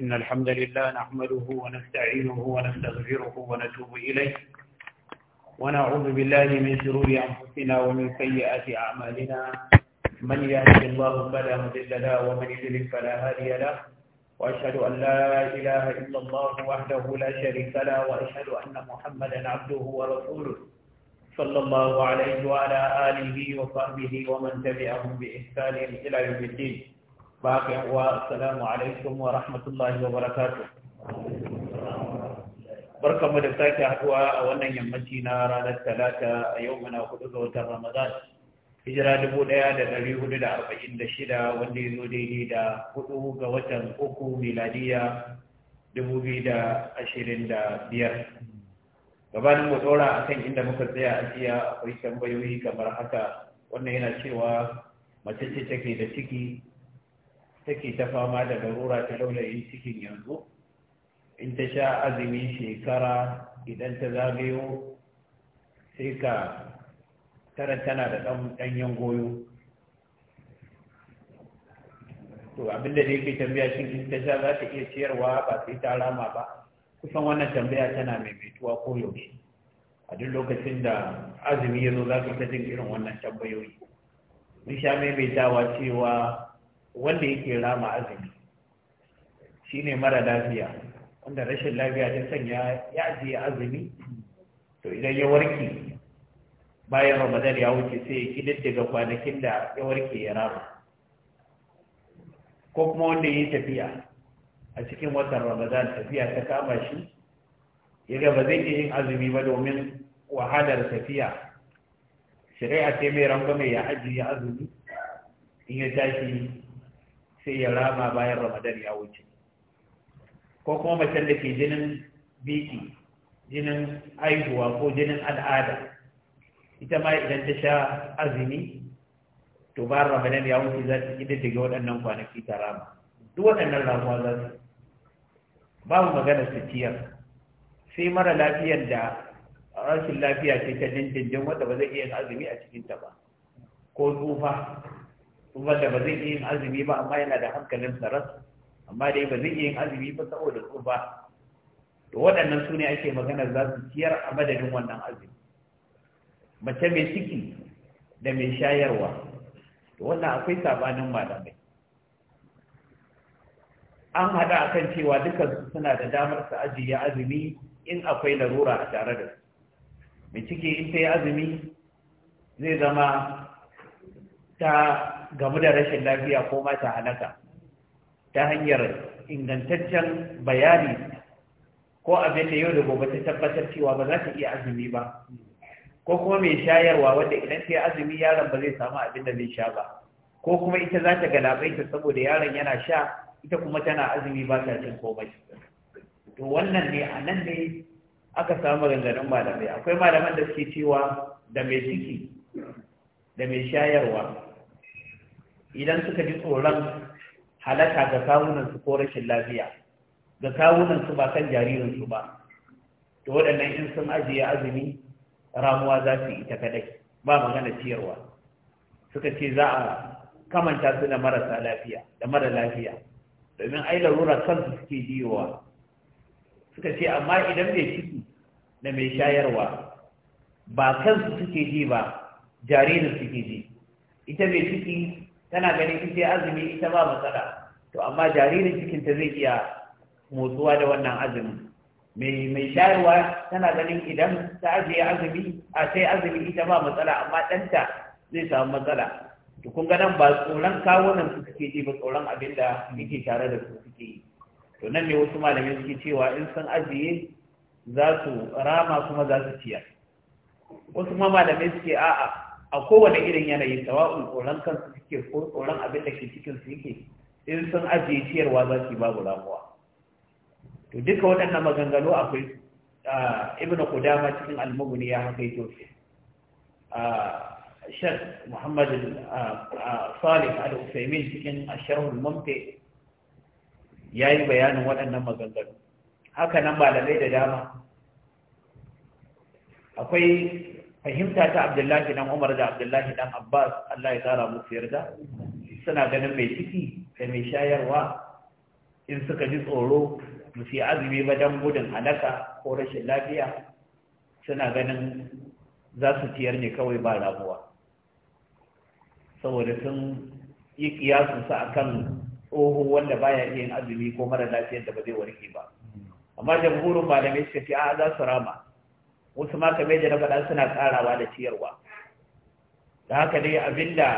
إن الحمد لله نحمده ونستعينه ونستغفره ونتوب إليه ونعوذ بالله من شرور أنفسنا ومن سيئات أعمالنا من يهده الله فلا مضل له ومن يضلل فلا هادي له وأشهد أن لا إله إلا الله وحده لا شريك له وأشهد أن محمدا عبده ورسوله صلى الله عليه وعلى آله وصحبه ومن تبعهم بإحسان إلى يوم الدين باقي alaikum عليكم ورحمة الله وبركاته barkan mu da sake haduwa a wannan yammaci na ranar talata a yau mana hudu ga watan ramadan hijira dubu daya da dari hudu da arba'in da shida wanda ya zo daidai da hudu ga watan uku miladiya dubu biyu da ashirin da biyar gabanin mu dora a kan inda muka tsaya a jiya akwai tambayoyi kamar haka wannan yana cewa mace ce take da ciki take ta fama da garura ta laulayin cikin yanzu in ta sha azumin shekara idan ta zagayo sai ka tara tana da ɗanyen goyo to abinda da yake tambaya shi in ta sha za ta iya ciyarwa ba sai ta rama ba kusan wannan tambaya tana maimaituwa ko yaushe a duk lokacin da azumi ya zo za ka ta jin irin wannan tambayoyi mun sha maimaitawa cewa wanda yake rama azumi shine mara lafiya wanda rashin lafiya ta sanya ya ajiye azumi to idan ya warke bayan ramadan ya wuce sai ya daga kwanakin da ya warke ya rama ko kuma wanda ya yi tafiya a cikin watan ramadan tafiya ta kama shi ya ga zai iya yin azumi ba domin wahalar tafiya shari'a ce mai ya ajiye azumi in ya tashi sai ya rama bayan ramadan ya wuce ko kuma macen da ke jinin biki jinin aihuwa, ko jinin al'ada ita ma idan ta sha azumi to bayan ramadan ya wuce za ta daga waɗannan kwanaki ta rama duk waɗannan ramuwa za su babu magana su ciyar sai mara lafiyar da rashin lafiya ce ta jinjin wanda ba zai iya azumi a cikinta ba ko tsufa kuma da ba zai iya yin azumi ba amma yana da hankalin saras amma dai ba zai iya yin azumi ba saboda ba. to waɗannan su ne ake magana za su ciyar a madadin wannan azumi mace mai ciki da mai shayarwa to wannan akwai sabanin malamai an haɗa kan cewa dukansu suna da damar su ajiye azumi in akwai larura a tare da su mai ciki in ta yi azumi zai zama ta game da rashin lafiya ko mata halaka ta hanyar ingantaccen bayani ko abin da yau da gobe ta tabbatar cewa ba za ta iya azumi ba ko kuma mai shayarwa wanda idan ta yi azumi yaron ba zai samu abin da zai sha ba ko kuma ita za ta ta saboda yaron yana sha ita kuma tana azumi ba ta cin komai to wannan ne a nan ne aka samu maganganun malamai akwai malaman da suke cewa da mai ciki da mai shayarwa idan suka ji tsoron halaka ga kawunansu ko rashin lafiya ga kawunansu ba kan jaririnsu ba to waɗannan in sun ajiye azumi ramuwa za su ta kadai ba magana ciyarwa suka ce za a kamanta su da marasa lafiya da mara lafiya domin ai larura kansu suke jiyowa suka ce amma idan mai ciki da mai shayarwa ba kansu suke ji ba jaririn suke ji ita mai ciki tana ganin ita azumi ita ba matsala to amma jaririn cikinta zai iya motsuwa da wannan azumi. mai mai shayarwa tana ganin idan ta ajiye azumi a sai azumi ita ba matsala amma ɗanta zai samu matsala to kun ga nan ba tsoron kawunan su suke ji ba tsoron abin da yake tare da su suke yi to nan ne wasu malamai suke cewa in sun ajiye za su rama kuma za su ciyar wasu ma malamai suke a'a a kowane irin yanayi sawa'un tsoron kansu suke ko tsoron abin da ke cikin su yake in sun ajiye ciyarwa za su yi babu ramuwa to duka waɗannan maganganu akwai ibnu qudama cikin al ya haka yake shan muhammad salih al-usaimin cikin asharh al ya yi bayanin waɗannan maganganu haka nan malamai da dama akwai fahimta ta abdullahi dan umar da abdullahi dan abbas allah ya tsara musu yarda suna ganin mai ciki da mai shayarwa in suka ji tsoro musu yi azumi ba dan gudun halaka ko rashin lafiya suna ganin za su ciyar ne kawai ba rabuwa saboda sun yi kiyasun a kan tsoho wanda baya iya yin azumi ko mara lafiyar da ba zai warke ba amma jamhurin malamai suka ce a za su rama wasu ma kamar da na faɗa suna tsarawa da ciyarwa da haka dai abinda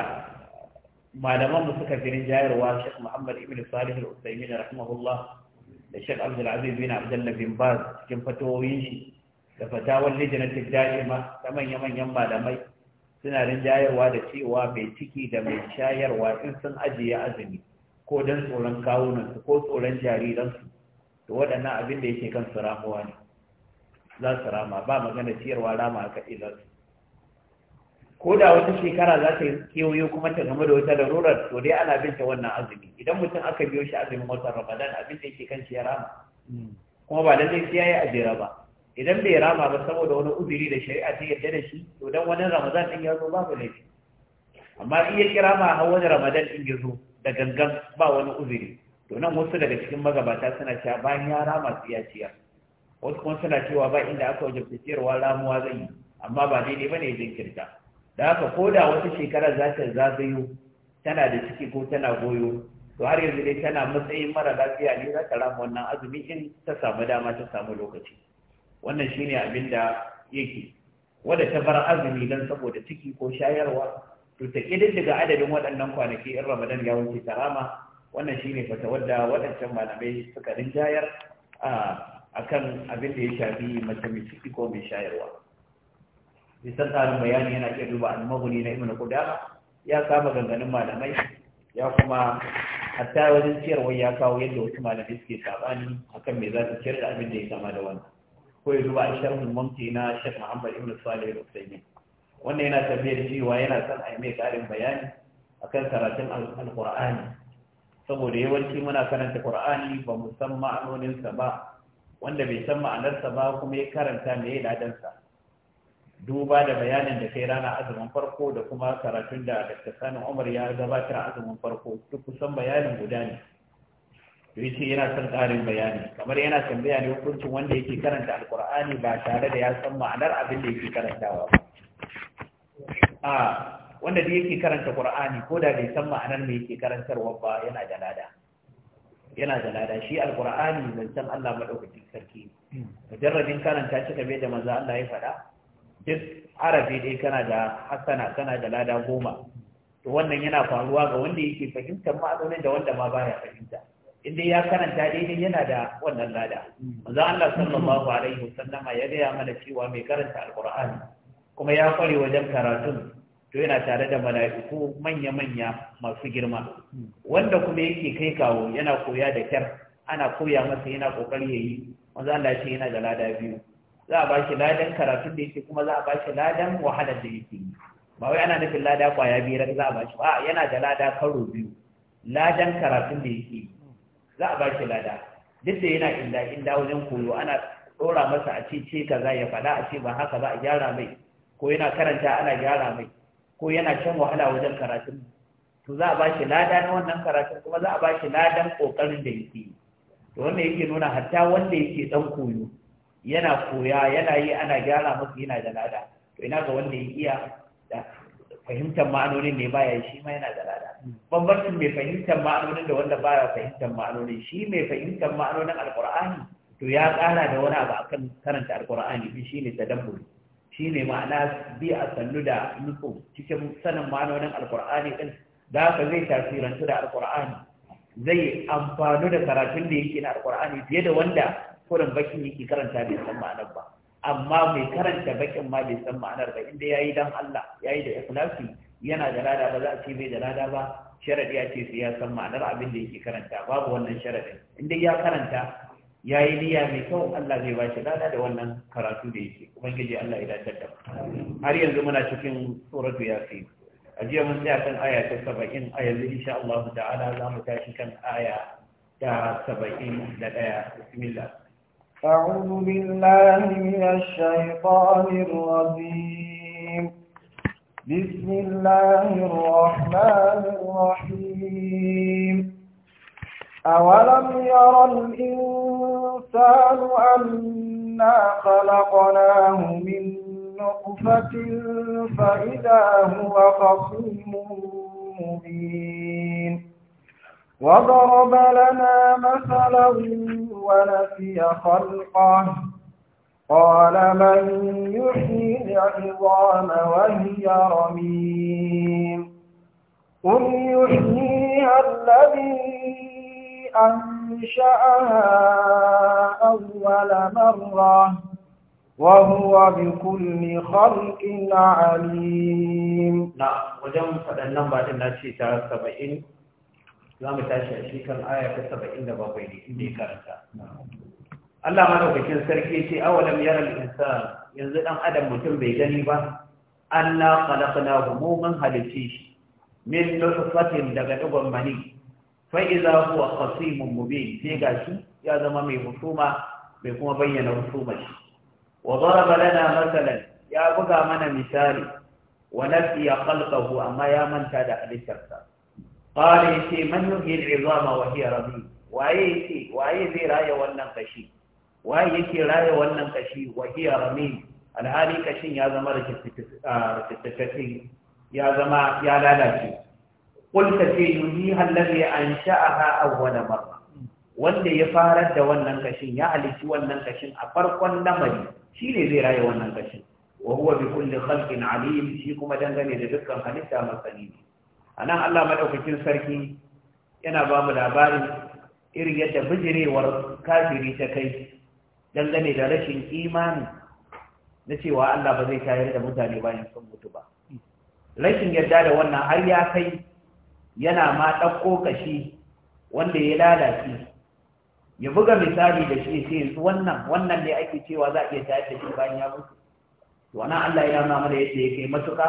malaman mu suka firin jayarwa Sheikh Muhammad Ibn Salih Al-Utsaimin rahimahullah da Sheikh Abdul Aziz bin Abdullah bin Baz cikin fatawoyin shi da fatawar lijinatul ma ta manya-manyan malamai suna rinjayarwa da cewa mai ciki da mai shayarwa in sun ajiye azumi ko don tsoron kawunansu ko tsoron jariransu to waɗannan abin da yake kan su ramuwa ne za su rama ba magana ciyarwa rama aka ce su ko da wata shekara za ta kewayo kuma ta game da wata larurar to dai ana binta wannan azumi idan mutum aka biyo shi azumin wata ramadan abin da yake kan shi ya rama kuma ba lallai sai yayi ajira ba idan bai rama ba saboda wani uzuri da shari'a ta yarda da shi to dan wani ramadan din ya zo babu laifi amma in ya kira ma har wani ramadan din ya zo da gangan ba wani uzuri to nan wasu daga cikin magabata suna cewa bayan ya rama su ya ciyar wasu kuma suna cewa ba inda aka wajen ciyarwa lamuwa zai yi amma ba daidai ba ne jinkirta da haka ko da wata shekara za ta zagayo tana da ciki ko tana goyo to har yanzu dai tana matsayin mara lafiya ne za ta rama wannan azumi in ta samu dama ta samu lokaci wannan shine abin da yake wadda ta bar azumi don saboda ciki ko shayarwa to ta daga adadin waɗannan kwanaki in ramadan ya wuce ta rama wannan shine fata wadda waɗancan malamai suka rinjayar a ah, akan abin da ya shafi mace mai ciki ko mai shayarwa bisan tsarin bayani yana iya duba a na ibnu kuda ya kama ganganin malamai ya kuma hatta wajen ciyarwa ya kawo yadda wasu malamai suke sabani akan mai za su ciyar da abin da ya kama da wannan ko ya duba a sharhul mumti na shek Muhammad Ibn Salih da uthaymeen wannan yana tafiyar cewa yana son a yi mai karin bayani akan karatun Alƙur'ani. saboda yawanci muna karanta Qur'ani ba mu san ma'anoninsa ba wanda bai san ma'anarsa ba kuma ya karanta me ya ladansa duba da bayanin da kai rana azumin farko da kuma karatun da Dr. Sani Umar ya gabatar azumin farko duk kusan bayanin guda ne to yace yana son ƙarin bayani kamar yana tambaya ne hukuncin wanda yake karanta alkur'ani ba tare da ya san ma'anar abin da yake karantawa ba a ah, wanda da yake karanta qur'ani ko da bai san ma'anar me yake karantarwa ba yana da lada yana da lada shi alqur'ani zancen Allah madaukakin sarki mujarradin karanta shi kabe da manzo Allah ya faɗa duk arabi dai kana da hasana kana da lada goma to wannan yana faruwa ga wanda yake fahimtar ma'anonin da wanda ma baya fahimta inda ya karanta daidai yana da wannan lada manzo Allah sallallahu alaihi wasallama ya gaya mana cewa mai karanta alqur'ani kuma ya kware wajen karatun to yana tare da mala'iku manya-manya masu girma wanda kuma yake kai kawo yana koya da kyar ana koya masa yana kokari yayi wanda Allah shi yana da lada biyu za a ba shi ladan karatun da yake kuma za a ba shi ladan wahalar da yake yi ba wai ana nufin lada kwaya biyar za a ba shi ba yana da lada karo biyu ladan karatun da yake yi za a ba shi lada duk da yana inda inda wajen koyo ana ɗora masa a ce ce kaza ya faɗa a ce ba haka ba a gyara mai ko yana karanta ana gyara mai ko yana shan wahala wajen karatun to za a ba shi lada na wannan karatun kuma za a ba shi ladan kokarin da yake yi to wannan yake nuna hatta wanda yake dan koyo yana koya yana yi ana gyara masa yana da lada to ina ga wanda ya iya fahimtar ma'anonin ne baya shi ma yana da lada bambancin mai fahimtar ma'anonin da wanda baya fahimtar ma'anonin shi mai fahimtar ma'anonin alqur'ani to ya ƙara da wani abu akan karanta alqur'ani shi ne tadabburi shi ne ma'ana bi a sannu da nufin cikin sanin ma'anonin alkur'ani ɗin da haka zai tasirantu da alkur'ani zai amfanu da karatun da yake na alkur'ani fiye da wanda kurin bakin yake karanta bai san ma'anar ba amma mai karanta bakin ma bai san ma'anar ba inda yayi dan Allah yayi da ikhlasi yana da lada ba za a ce bai da lada ba sharadi ya ce sai ya san ma'anar abin da yake karanta babu wannan sharadin inda ya karanta ya yi niyya mai kyau Allah zai bashi lada da wannan karatu da yake ubangiji Allah ya dace da har yanzu muna cikin suratu yasin a jiya mun tsaya kan aya ta 70 a yanzu insha Allah ta'ala za mu tashi kan aya ta 71 bismillah a'udhu billahi minash الشيطان rajim bismillahir rahmanir rahim awalam أولم يرى الإنسان الإنسان أنا خلقناه من نطفة فإذا هو خصيم مبين وضرب لنا مثلا ونسي خلقه قال من يحيي العظام وهي رميم قل يحييها الذي أنشأها أول مرة وهو بكل خلق عليم نعم وجم فدنن بعد الناس تعالى سبعين za mu tashi a shi kan aya ta saba'in da bakwai ne ya karanta. Allah madaukakin sarki ce awalam yara insan yanzu dan adam mutum bai gani ba Allah khalaqna hu mun halice shi min nutfatin daga dugon mani fa idza huwa khasimun mubin sai gashi ya zama mai husuma mai kuma bayyana husuma shi wa daraba lana masalan ya buga mana misali wa ya khalqahu amma ya manta da alikarsa qala ce man yuhyi al'izama wa hiya rabi waye yake waye zai raya wannan kashi waye yake raya wannan kashi wa hiya ramin alhali kashin ya zama rikittakatin ya zama ya lalace ce, قلت في ينيها a أنشأها wani مرة wanda ya farar da wannan kashin ya halici wannan kashin a farkon lamari shi ne zai raye wannan kashin wa huwa bi kulli khalqin alim shi kuma dangane da dukkan halitta masani ne anan Allah madaukakin sarki yana ba mu labarin irin yadda bijirewar kafiri ta kai dangane da rashin imani na cewa Allah ba zai tayar da mutane bayan sun mutu ba rashin yadda da wannan har ya kai yana ma ɗauko kashi wanda ya lalace ya buga misali da shi sai yanzu wannan wannan ne ake cewa za a iya tayar da shi bayan ya mutu to Allah ya nuna mana yadda ya kai matuƙa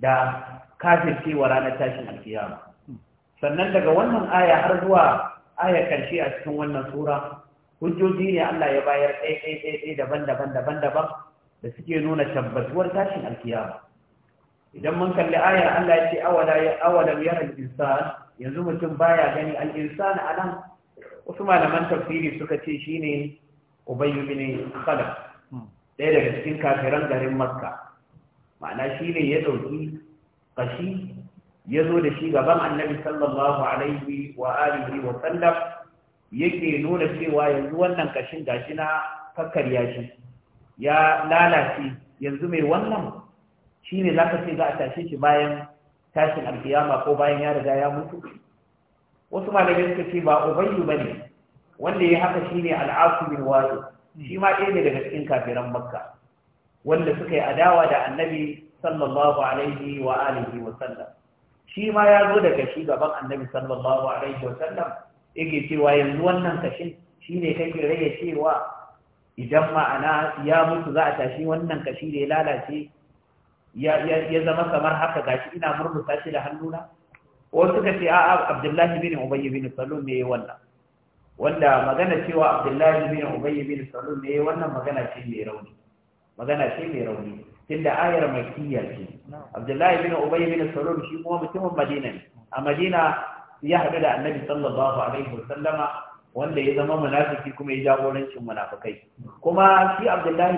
da kafin cewa ranar tashin alkiyama sannan daga wannan aya har zuwa aya karshe a cikin wannan sura hujjoji ne Allah ya bayar ɗaya ɗaya ɗaya daban daban daban daban da suke nuna tabbatuwar tashin alkiyama idan mun kalli aya Allah ya ce awala ya awala ya al-insan yanzu mutum baya gani al-insan anan wasu malaman tafsiri suka ce shine ubay ibn khalaf ɗaya daga cikin kafiran garin makka ma'ana shine ya dauki kashi ya zo da shi gaban annabi sallallahu alaihi wa alihi wa sallam yake nuna cewa yanzu wannan kashin gashi na kakkarya shi ya lalace yanzu mai wannan shi ne za ka ce za a tashe shi bayan tashin alkiyama ko bayan ya riga ya mutu wasu malamai suka ce ba ubayyu ba ne wanda ya haka shi ne al'asu bin wasu shi ma ɗaya ne daga cikin kafiran makka wanda suka yi adawa da annabi sallallahu alaihi wa alihi wa sallam shi ma ya zo daga shi gaban annabi sallallahu alaihi wa sallam yake cewa yanzu wannan kashin shi ne kake rage cewa idan ma'ana ya mutu za a tashi wannan kashi da ya lalace ya zama kamar haka gashi ina murmusa shi da hannuna wasu suka ce a'a abdullahi bin ubayy bin salul ne wannan wanda magana cewa abdullahi bin ubayy bin salul ne wannan magana ce mai rauni magana ce mai rauni tunda ayar makiyya ce abdullahi bin ubayy bin salul shi kuma mutumin madina ne a madina ya haɗu da annabi sallallahu alaihi wasallama wanda ya zama munafiki kuma ya jagorancin munafikai kuma shi abdullahi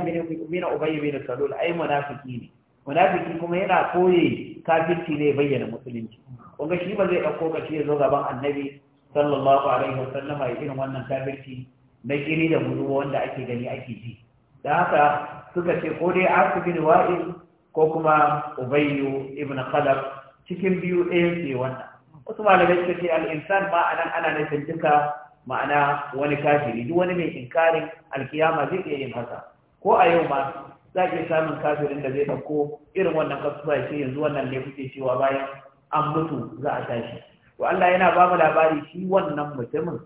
bin ubayy bin salul ai munafiki ne munafiki kuma yana koye kafirci ne bayyana musulunci kuma shi ba zai ɗauko kashi ya zo gaban annabi sallallahu alaihi wa irin wannan kafirci na kiri da muruwa wanda ake gani ake ji da haka suka ce ko dai asu bin wa'il ko kuma ubayyu ibn khalaf cikin biyu ɗayan ce wannan wasu malamai suka ce al-insan ma anan ana nufin duka ma'ana wani kafiri duk wani mai inkarin alkiyama zai iya yin haka ko a yau ma za ke samun kafirin da zai ɗauko irin wannan kasuwa shi yanzu wannan ne kuke cewa bayan an mutu za a tashi to Allah yana ba mu labari shi wannan mutumin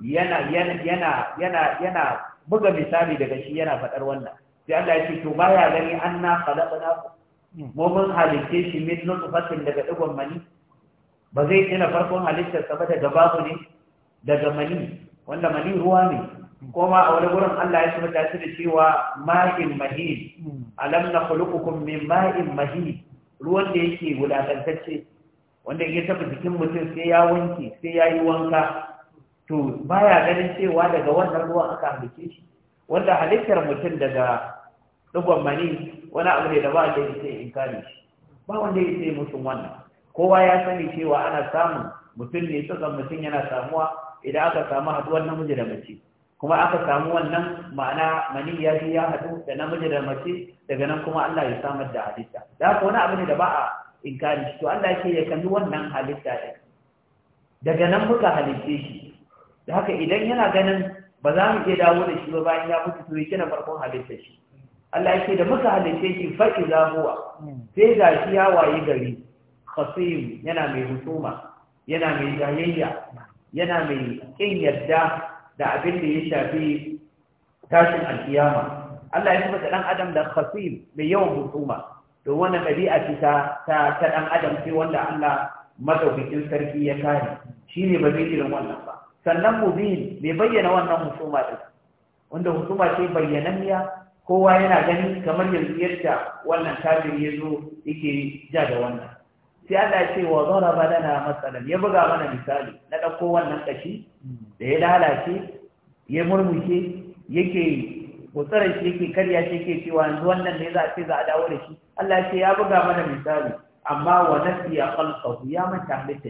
yana yana yana yana buga misali daga shi yana faɗar wannan sai Allah ya ce to baya gani an khalaqnakum mu mun halitte shi min nutfatin daga digon mani ba zai tsina farkon halittar sa ba daga babu ne daga mani wanda mani ruwa ne koma a wani gurin Allah ya shi ta da cewa ma'in mahi" alam na kulukukun mai ma'in mahi" ruwan da yake wulatantacce wanda ya tafi jikin mutum sai ya wanke sai ya yi wanka to baya ganin cewa daga wannan ruwan aka halice shi wanda halittar mutum daga dugon mani wani abu ne da ba da yake in kare shi ba wanda yake musu wannan kowa ya sani cewa ana samun mutum ne tsakan mutum yana samuwa idan aka samu haduwar namiji da mace kuma aka samu wannan ma'ana mani ya ji ya haɗu da namiji da mace daga nan kuma Allah ya samar da halitta da haka wani abu ne da ba a inkari shi to Allah yake ya kalli wannan halitta ɗin daga nan muka halitte shi da haka idan yana ganin ba za mu iya dawo da shi ba bayan ya mutu to yake na farkon halitta shi Allah yake da muka halitte shi fa iza huwa sai ga shi ya waye gari khasim yana mai husuma yana mai jayayya yana mai kin yadda da abin da ya shafi tashin alkiyama Allah ya sifata dan adam da khasim mai yawan hukuma to wannan ɗabi'a ce ta ta dan adam sai wanda Allah madaukakin sarki ya kare shine ba zai irin wannan ba sannan mubin bai bayyana wannan husuma din wanda husuma ce bayyananniya kowa yana gani kamar yanzu yadda wannan kafin ya yake ja da wannan sai Allah ce wa zaraba lana matsalan ya buga mana misali na dauko wannan kashi da ya lalace ya murmushe yake mutsarar shi yake karya shi yake cewa yanzu wannan ne za a ce za a dawo da shi Allah ce ya buga mana misali amma wa nafi ya khalqahu ya manta halitta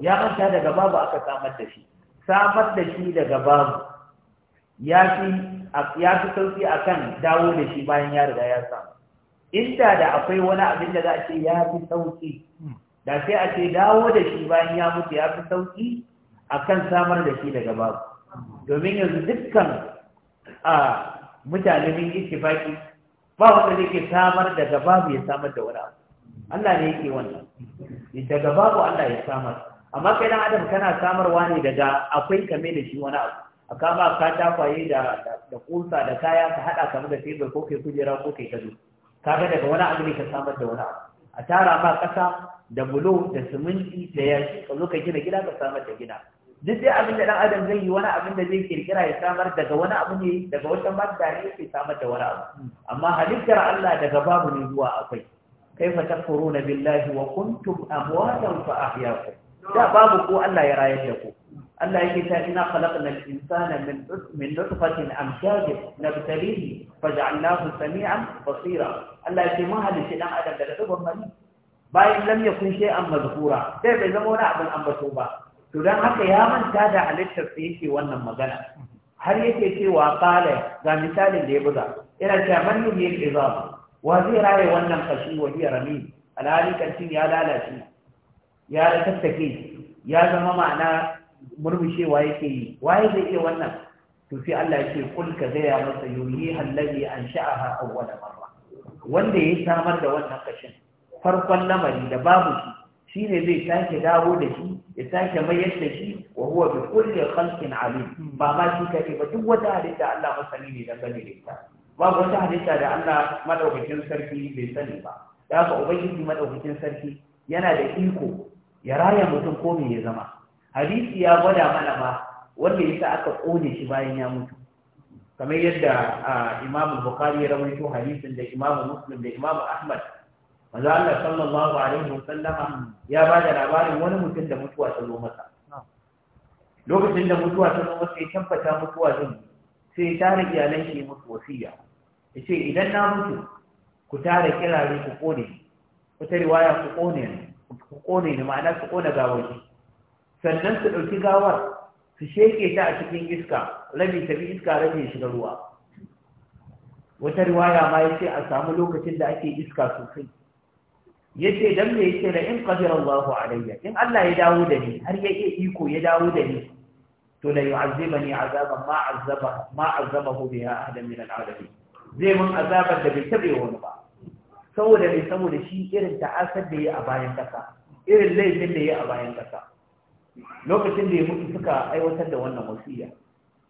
ya manta daga babu aka samar da shi samar da shi daga babu ya fi ya fi sauki akan dawo da shi bayan ya riga ya samu inda da akwai wani abin da za a ce ya fi sauki da sai a ce dawo da shi bayan ya mutu ya fi sauki akan samar da shi daga babu domin yanzu dukkan a mutane min ittifaki ba wanda zai ke samar daga babu ya samar da wani abu Allah ne yake wannan daga babu Allah ya samar amma kai dan adam kana samarwa ne daga akwai kame da shi wani abu a kama ka dafaye da da kusa da kaya ka hada kamar da tebur ko kai kujera ko kai gado kaga daga wani abu ne ka samar da wani abu a tara ma ƙasa da bulo da siminti da yashi ka zo ka gina gida ka samar da gida duk dai abin da ɗan adam zai yi wani abin da zai kirkira ya samar daga wani abu ne daga wata madda ne yake samar da wani abu amma halittar Allah daga babu ne zuwa akwai kaifa takfuruna billahi wa kuntum amwatan fa ahyaakum da babu ko Allah ya rayar da ku Allah yake ta ina khalaqnal insana min min nutfatin amshajin nabtalihi faj'alnahu sami'an basira Allah yake mun halice dan adam da dubban mani bayan lam yakun an mazkura sai bai zama wani abin ambato ba to dan haka ya manta da halittar sa yake wannan magana har yake cewa qala ga misalin da ya buga ina cewa man yuhil izama wa zai raye wannan kashi wa hiya ramim alhali ya lalace ya tattake ya zama ma'ana Murmushe murmushewa yake yi waye zai iya wannan to sai Allah ya ce kul ka gaya masa yuhi allazi ansha'aha awwala marra wanda ya samar da wannan kashin farkon lamari da babu shi shine zai sake dawo da shi ya sake mayar da shi wa huwa bi kulli khalqin alim ba ma shi kake ba duk wata halitta Allah masani ne da gani da ita babu wata halitta da Allah madaukakin sarki bai sani ba da haka ubangiji madaukakin sarki yana da iko ya raya mutum ko me ya zama hadisi ya gwada mana ma wanda yasa aka kone shi bayan ya mutu kamar yadda Imam Bukhari ya rawaito hadisin da Imam Muslim da Imam Ahmad manzo Allah sallallahu alaihi wasallama ya ba da labarin wani mutum da mutuwa ta zo masa lokacin da mutuwa ta zo masa ya tabbata mutuwa din sai ya tare iyalan shi musu wasiya yace idan na mutu ku tare kirare ku kone ku ta riwaya ku kone ku kone ne ma'ana ku kone sannan su ɗauki gawar su sheke ta a cikin iska rabi ta bi iska rabi ya shiga ruwa wata riwaya ma yace a samu lokacin da ake iska sosai yace dan me yace la in qadara Allahu alayya in Allah ya dawo da ni har ya iya iko ya dawo da ni to la yu'azzibani azaban ma azaba ma azzabahu biha ahadan min al-alamin zai mun azabar da bai tabe wani ba saboda ne saboda shi irin ta'asar da yi a bayan kasa irin laifin da yi a bayan kasa lokacin da ya mutu suka aiwatar da wannan wasiya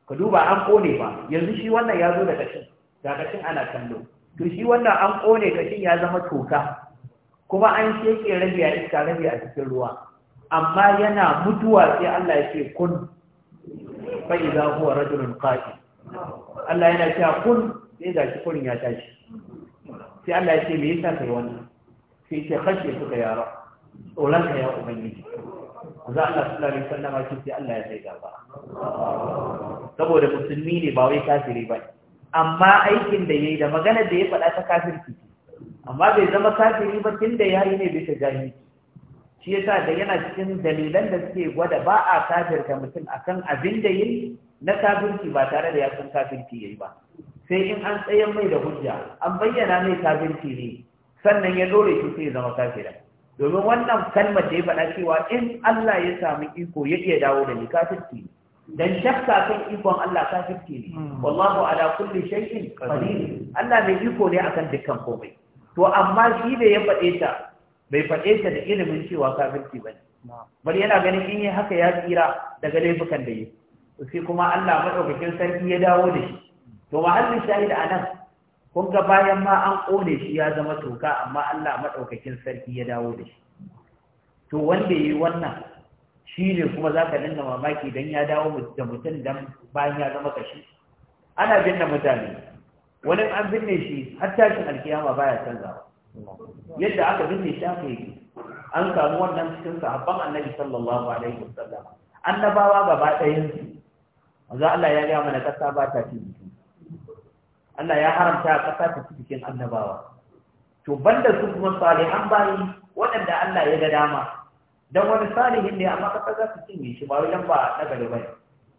ka duba an kone ba yanzu shi wannan ya zo da kashin da kashin ana kallo to shi wannan an kone kashin ya zama toka kuma an sheke rabi a iska rabi a cikin ruwa amma yana mutuwa sai Allah ya ce kun fa idza huwa rajulun qati Allah yana cewa kun sai ga shi kurin ya tashi sai Allah ya ce me yasa kai wannan sai ce kashe suka yara tsoron ka ya ubangiji manzo Allah sallallahu alaihi wasallam ya ce Allah ya sai gaba saboda musulmi ne ba wai kafiri ba amma aikin da yayi da maganar da ya faɗa ta kafirci amma bai zama kafiri ba tunda ya yi ne bisa jahili shi yasa da yana cikin dalilan da suke gwada ba a kafirta mutum akan abin da yi na kafirci ba tare da ya san kafirci yayi ba sai in an tsayar mai da hujja an bayyana mai kafirci ne sannan ya dore shi sai zama kafira domin wannan kalmar da ya faɗa cewa in Allah ya samu iko ya iya dawo da ni kafirci dan shakka kan ikon Allah kafirci ne hmm. wallahu ala kulli shay'in qadir Allah mai iko ne akan dukkan komai to amma shi da ya faɗe ta bai faɗe ta da ilimin cewa kafirci bane bari yana ganin in yi haka ya tsira daga laifukan da yi sai kuma Allah madaukakin sarki ya dawo da shi to mahallin shahid nan. kun ga bayan ma an ƙone shi ya zama toka amma Allah maɗaukakin sarki ya dawo da shi to wanda yi wannan shi ne kuma za ka dinga mamaki don ya dawo da mutum don bayan ya zama kashi ana binne mutane wani an binne shi har tashin alkiyama baya canzawa yadda aka binne shi aka yi an samu wannan cikin sahabban annabi sallallahu alaihi wasallam annabawa gaba ɗayan su manzo Allah ya gaya mana kasa ba ta ci Allah ya haramta a ƙasa ta cikin annabawa to banda su kuma salihan bayi waɗanda Allah ya ga dama Don wani salihin ne amma ƙasa za su cinye shi ba wajen ba na gari ba.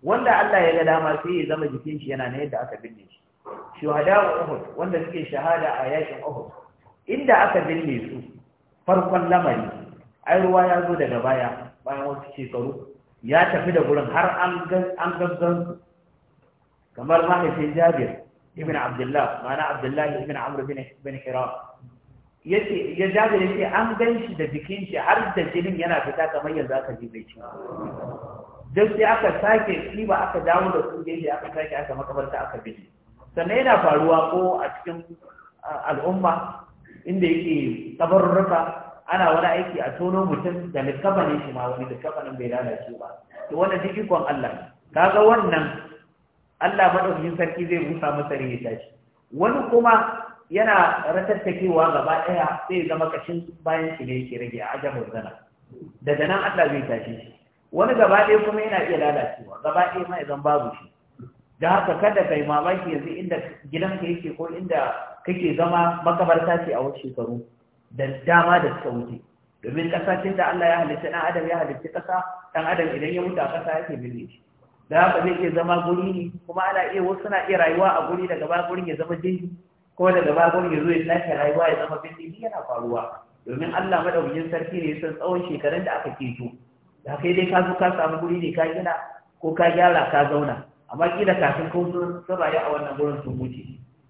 wanda Allah ya ga dama sai ya zama jikin shi yana na yadda aka binne shi shuhada wa Uhud wanda suke shahada a yakin Uhud inda aka binne su farkon lamari ai ruwa ya zo daga baya bayan wasu shekaru ya tafi da gurin har an gaggan kamar mahaifin Jabir ibn abdullah ma'ana abdullah ibn amr bin hiram yace ya jaga an gan shi da jikin shi har da jinin yana fita kamar yanzu aka ji bai ci Duk sai aka sake shi ba aka dawo da su gefe aka sake aka makabarta aka bije sannan yana faruwa ko a cikin al'umma inda yake tabarruka ana wani aiki a tono mutum da likafanin shi ma wani likafanin bai lalace ba to wannan duk ikon Allah kaga wannan Allah madaukakin sarki zai busa masa rai tashi wani kuma yana ratattakewa gaba ɗaya sai zama kashin bayan shi ne yake rage a ajabin zana daga nan Allah zai tashi shi wani gaba ɗaya kuma yana iya lalacewa gaba ɗaya ma babu shi da haka kada kai mamaki yanzu inda gidanka yake ko inda kake zama makabarta ce a wasu shekaru da dama da suka wuce domin ƙasa da Allah ya halitta ɗan adam ya halitta ƙasa ɗan adam idan ya mutu a ƙasa yake binne shi da haka zai ke zama guri ne kuma ana iya wasu na iya rayuwa a guri daga ba gurin ya zama jini ko daga ba gurin ya zo ya sake rayuwa ya zama bindi yana faruwa domin Allah madaukakin sarki ne san tsawon shekarun da aka to da kai dai ka zo ka samu guri ne ka gina ko ka gyara ka zauna amma kila kafin ko sun rayu a wannan gurin su wuce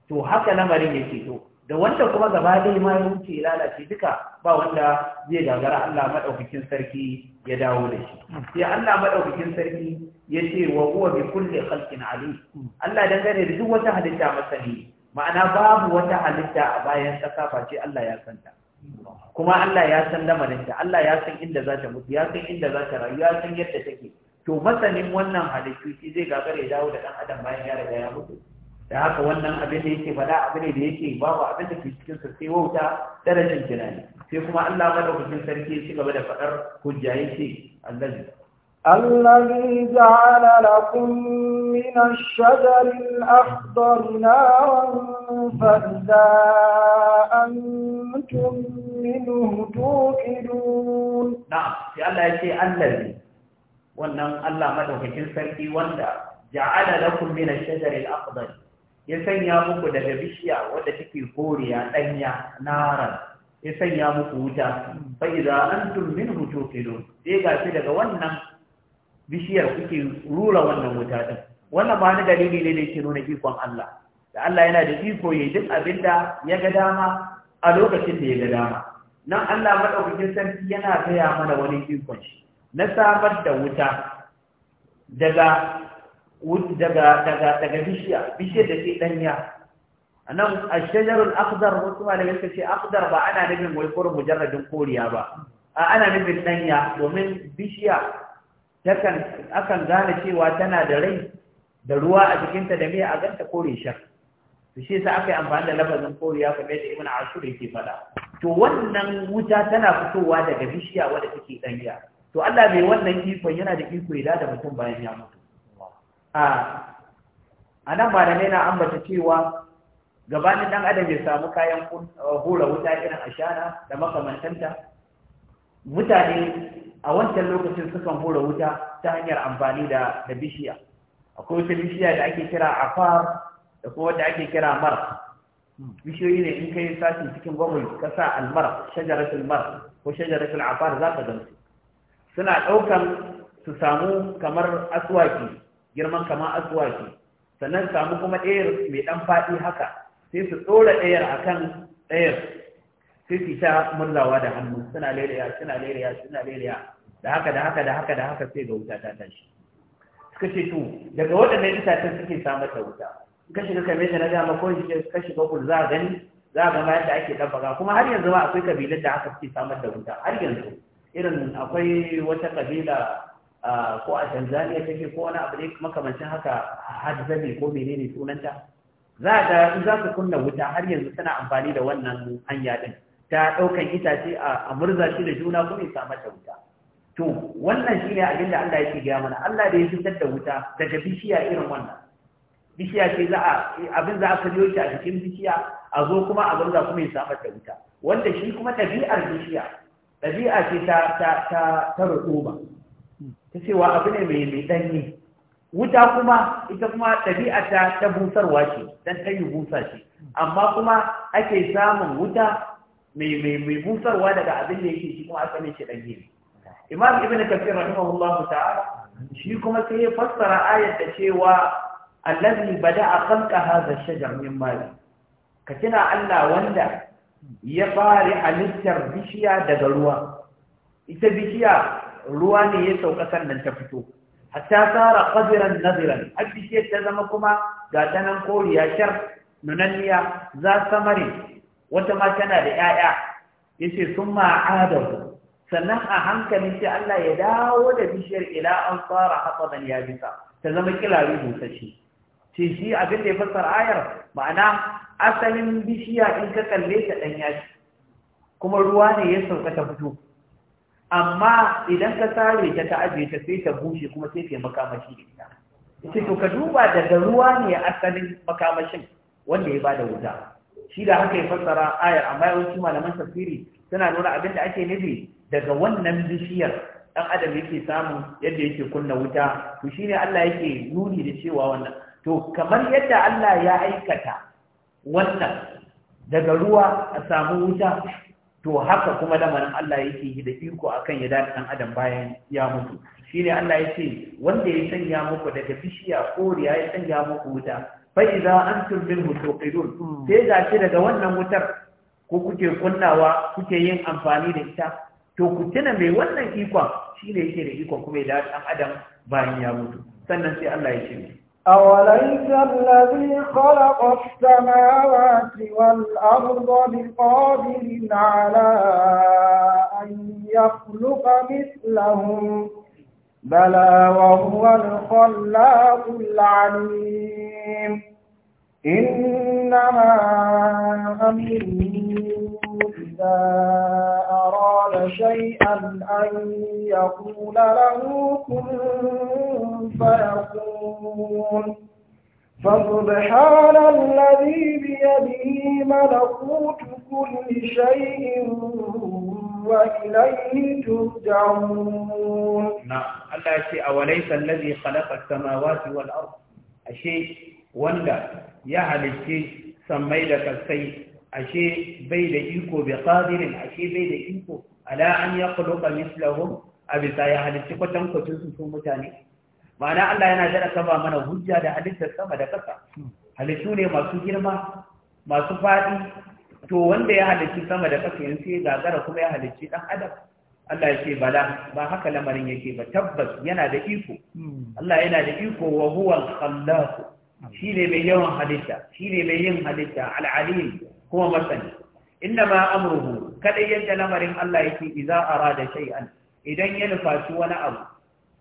to haka lamarin yake to da wanda kuma gaba dai ma ya wuce lalace duka ba wanda zai gagara Allah madaukakin sarki ya dawo da shi sai Allah madaukakin sarki ya ce wa huwa bi kulli khalqin alim Allah dangane da duk wata halitta masani ma'ana babu wata halitta a bayan ƙasa face Allah ya ta. kuma Allah ya san lamarinta Allah ya san inda za ta mutu ya san inda za ta rayu ya san yadda take to masanin wannan halittu shi zai gagara ya dawo da dan adam bayan ya riga ya mutu da haka wannan abin da yake faɗa abin da yake babu abin da ke cikin sa sai wauta darajar tunani sai kuma Allah madaukakin sarki shi ci gaba da faɗar hujja yake allazi الذي جعل لكم من الشجر الأخضر نارا فإذا أنتم منه توقدون نعم في الله يشيء الذي وأن الله مدوك الفرق وأن جعل لكم من الشجر الأخضر ya sanya muku daga bishiya wadda take koriya danya nara ya sanya muku wuta fa idza antum minhu tuqilun sai ga shi daga wannan bishiyar kuke rura wannan wuta din wannan ba ni dalili ne ne ke nuna ikon Allah da Allah yana da iko yayin duk abinda ya ga dama a lokacin da ya ga dama nan Allah madaukakin sarki yana gaya mana wani ikon shi na samar da wuta daga daga daga daga bishiya bishiyar da ke danya anan ashajarul akhdar wasu malamai yake ce akhdar ba ana nufin wai kurin mujarradin koriya ba a ana nufin danya domin bishiya takan akan gane cewa tana da rai da ruwa a jikinta da miya a ganta kore shar to shi yasa aka yi amfani da lafazin koriya kamar da ibn ashur yake faɗa to wannan wuta tana fitowa daga bishiya wanda take danya to Allah mai wannan ikon yana da iko ya da mutum bayan ya mutu a nan malamai na ambata cewa gabanin ɗan adam ya samu kayan eh, hura wuta irin ashana da makamantanta mutane a wancan lokacin sukan hura wuta ta hanyar amfani da bishiya akwai wata bishiya da ake kira afar da kuma wadda ake kira mar bishiyoyi ne in kai sashin cikin gwamnati ka sa almar shajaratul mar ko shajaratul afar za ka gamsu suna ɗaukan su samu kamar aswaki girman kama aswaki sannan samu kuma ɗayar mai ɗan faɗi haka sai su tsora ɗayar kan ɗayar sai su ta murzawa da hannu suna leriya suna leriya suna leriya da haka da haka da haka da haka sai ga wuta ta tashi suka ce to daga waɗannan itacen suke samar da wuta ka shiga kame da na gama ko ka shiga kul za a gani za a ga yadda da ake ɗabbaga kuma har yanzu ma akwai kabilan da haka suke samar da wuta har yanzu irin akwai wata kabila ko a tanzania take ko wani abu ne makamancin haka hadzabi ko menene sunanta za ga za su kunna wuta har yanzu tana amfani da wannan hanya din ta ɗaukan itace a murza shi da juna kuma ya mata wuta to wannan shi ne abin da Allah yake gaya mana Allah da ya fitar da wuta daga bishiya irin wannan bishiya ce za a abin za a karyo shi a cikin bishiya a zo kuma a banza kuma ya samar da wuta wanda shi kuma ɗabi'ar bishiya ɗabi'a ce ta ta ta ta ta cewa abu ne mai mai danyi wuta kuma ita kuma ɗabi'ata ta ta busarwa ce dan ta yi busa ce amma kuma ake samun wuta mai mai mai busarwa daga abin da yake shi kuma asalin shi ɗan gini. imam ibn kafir rahimahullahu ta'ala shi kuma sai ya fassara ayar da cewa allazi bada a kanka ash-shajar min mali ka kina Allah wanda ya fari halittar bishiya daga ruwa ita bishiya ruwa ne ya sauka sannan ta fito hatta tsara qadiran nadiran abishiyar ta zama kuma ga ta nan koriya shar nunanniya za samare wata ma tana da 'ya'ya yace sun ma'adahu sannan a hankali sai Allah ya dawo da bishiyar ila an tsara hasaban ya bisa ta zama kilari busashi ce shi abin da ya fassara ayar ma'ana asalin bishiya in ka kalle ta ɗanya kuma ruwa ne ya sauka ta fito amma idan ka sare ta ta ajiye ta sai ta bushe kuma sai ta makamashi da ita ita to ka duba daga ruwa ne asalin makamashin wanda ya bada wuta shi da haka ya fassara aya amma yawanci malaman tafsiri suna nuna abin da ake nufi daga wannan bishiyar dan adam yake samun yadda yake kunna wuta to shine Allah yake nuni da cewa wannan to kamar yadda Allah ya aikata wannan daga ruwa a samu wuta to haka kuma lamarin Allah yake yi da iko akan ya dace dan adam bayan ya mutu shine Allah ya ce wanda ya sanya muku daga bishiya koriya ya sanya muku wuta fa idza antum bil tuqidun sai ga shi daga wannan wutar ko kuke kunnawa kuke yin amfani da ita to ku tuna mai wannan ikon shine yake da iko kuma ya dace dan adam bayan ya mutu sannan sai Allah ya ce أوليس الذي خلق السماوات والأرض بقادر على أن يخلق مثلهم بلى وهو الخلاق العليم إنما أمره أراد شيئا أن يقول له كن فيكون فسبحان الذي بيده ملكوت كل شيء وإليه ترجعون نعم الله شيء وليس الذي خلق السماوات والأرض الشيء وندى يعلي الشيء سميلك السيد ashe bai da iko bi qadirin ashe bai da iko ala an yakhluqa mislahum bisa ya halitta kwatan kwatan sun mutane ma'ana Allah yana da kaba mana hujja da halittar sama da kasa halittu ne masu girma masu fadi to wanda ya halicci sama da kasa yanzu ya gagara kuma ya halicci dan adam Allah ya ce bala ba haka lamarin yake ba tabbas yana da iko Allah yana da iko wa huwa al-khallaq shine mai yawan halitta shine mai yin halitta al-alim kuma masani inna ma amruhu kadai yadda lamarin Allah yake idza arada shay'an idan ya nufaci wani abu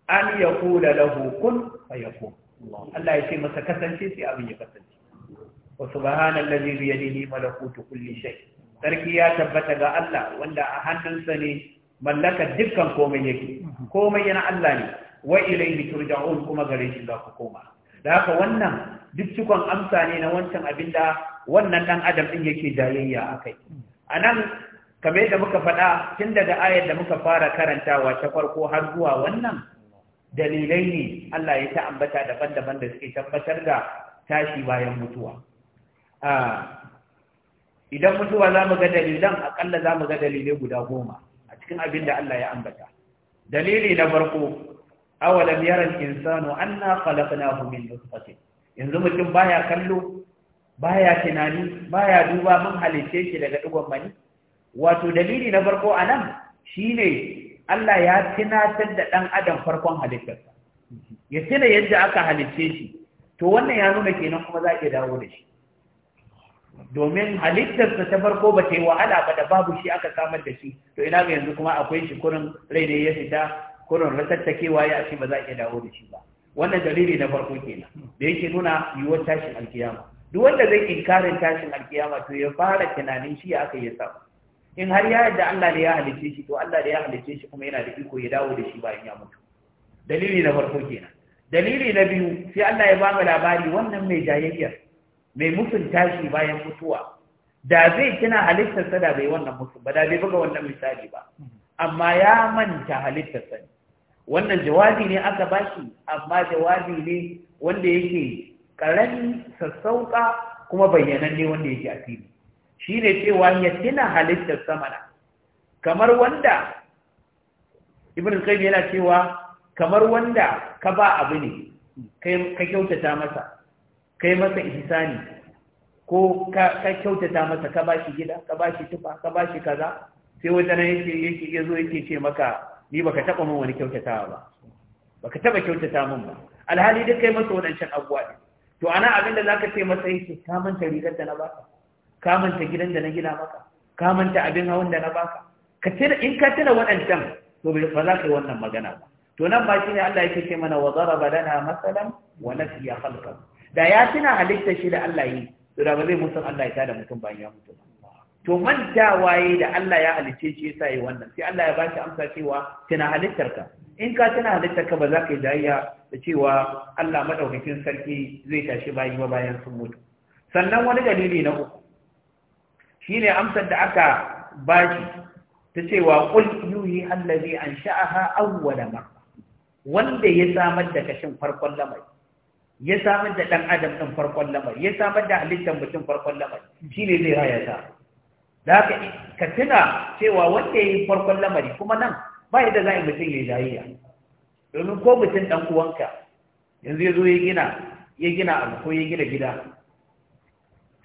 an yaqula lahu kun fayakun Allah ya ce masa kasance sai abin ya kasance wa subhanallazi bi yadihi malakutu kulli shay sarki ya tabbata ga Allah wanda a hannunsa ne mallaka dukkan komai yake komai yana Allah ne wa ilayhi turja'un kuma gare shi za ku koma da haka wannan duk cikon amsa ne na wancan abin da? wannan ɗan adam ɗin yake jayayya a kai a nan kame da muka faɗa tun daga ayar da muka fara karantawa ta farko har zuwa wannan dalilai ne Allah ya ta'ambata daban-daban da suke tabbatar da tashi bayan mutuwa idan mutuwa za mu ga dalilan akalla za mu ga dalilai guda goma a cikin abin da Allah ya ambata dalili na farko awalam yara an na anna min nutfatin yanzu mutum baya kallo baya tunani baya duba mun halice shi daga digon mani wato dalili na farko anan shine Allah ya tunatar da dan adam farkon halittarsa ya tuna yadda aka halice shi to wannan ya nuna kenan kuma za a dawo da shi domin halittarsa ta farko ba ta yi wahala ba da babu shi aka samar da shi to ina ga yanzu kuma akwai shi kurin rai ne ya fita kurin rasattakewa ya ce ba za a dawo da shi ba wannan dalili na farko kenan da yake nuna yiwuwar tashin alkiyama duk wanda zai inkarin tashin alkiyama to ya fara tunanin shi aka yi samu in har ya yadda Allah ne ya halicce shi to Allah da ya halicce shi kuma yana da iko ya dawo da shi bayan ya mutu dalili na farko kenan dalili na biyu sai Allah ya bamu labari wannan mai jayayyar mai mutun tashi bayan mutuwa da zai kina halittarsa da bai wannan mutu ba da bai buga wannan misali ba amma ya manta halittarsa wannan jawabi ne aka bashi amma jawabi ne wanda yake karami sassauka kuma bayyananne wanda yake a fili shi ne cewa ya tina halittar samana kamar wanda ibn kai yana cewa kamar wanda ka ba abu ne ka kyautata masa kai masa ihsani ko ka kyautata masa ka ba shi gida ka ba shi tufa ka ba shi kaza sai wata nan yake yake yazo yake ce maka ni baka taba min wani kyautatawa ba baka taba kyautata min ba alhali duk kai masa wadancan abuwa to ana abin da zaka ce masa yake ka manta rigar da na baka ka manta gidan da na gina maka ka manta abin hawan da na baka ka tuna in ka tuna waɗancan to ba za ka yi wannan magana ba to nan ba shine Allah yake ce mana wa zaraba lana masalan wa nasiya khalqa da ya tuna halitta shi da Allah yi to da ba zai musu Allah ya tada mutum bayan ya mutu to ta waye da Allah ya halice shi yasa yi wannan sai Allah ya ba shi amsa cewa tuna halittarka in ka tuna halittarka ba za ka yi jayya da cewa Allah madaukakin sarki zai tashi bayi ba bayan sun mutu sannan wani dalili na uku shine amsar da aka bashi ta cewa qul yuhi allazi ansha'aha awwala marra wanda ya samar da kashin farkon lamari ya samar da dan adam din farkon lamari ya samar da halittar mutum farkon lamari shine zai raya ta da haka ka tuna cewa wanda ya yi farkon lamari kuma nan ba da za a yi mutum ya yi jayayya domin ko mutum ɗan uwanka yanzu ya zo ya gina ya gina abu ko ya gina gida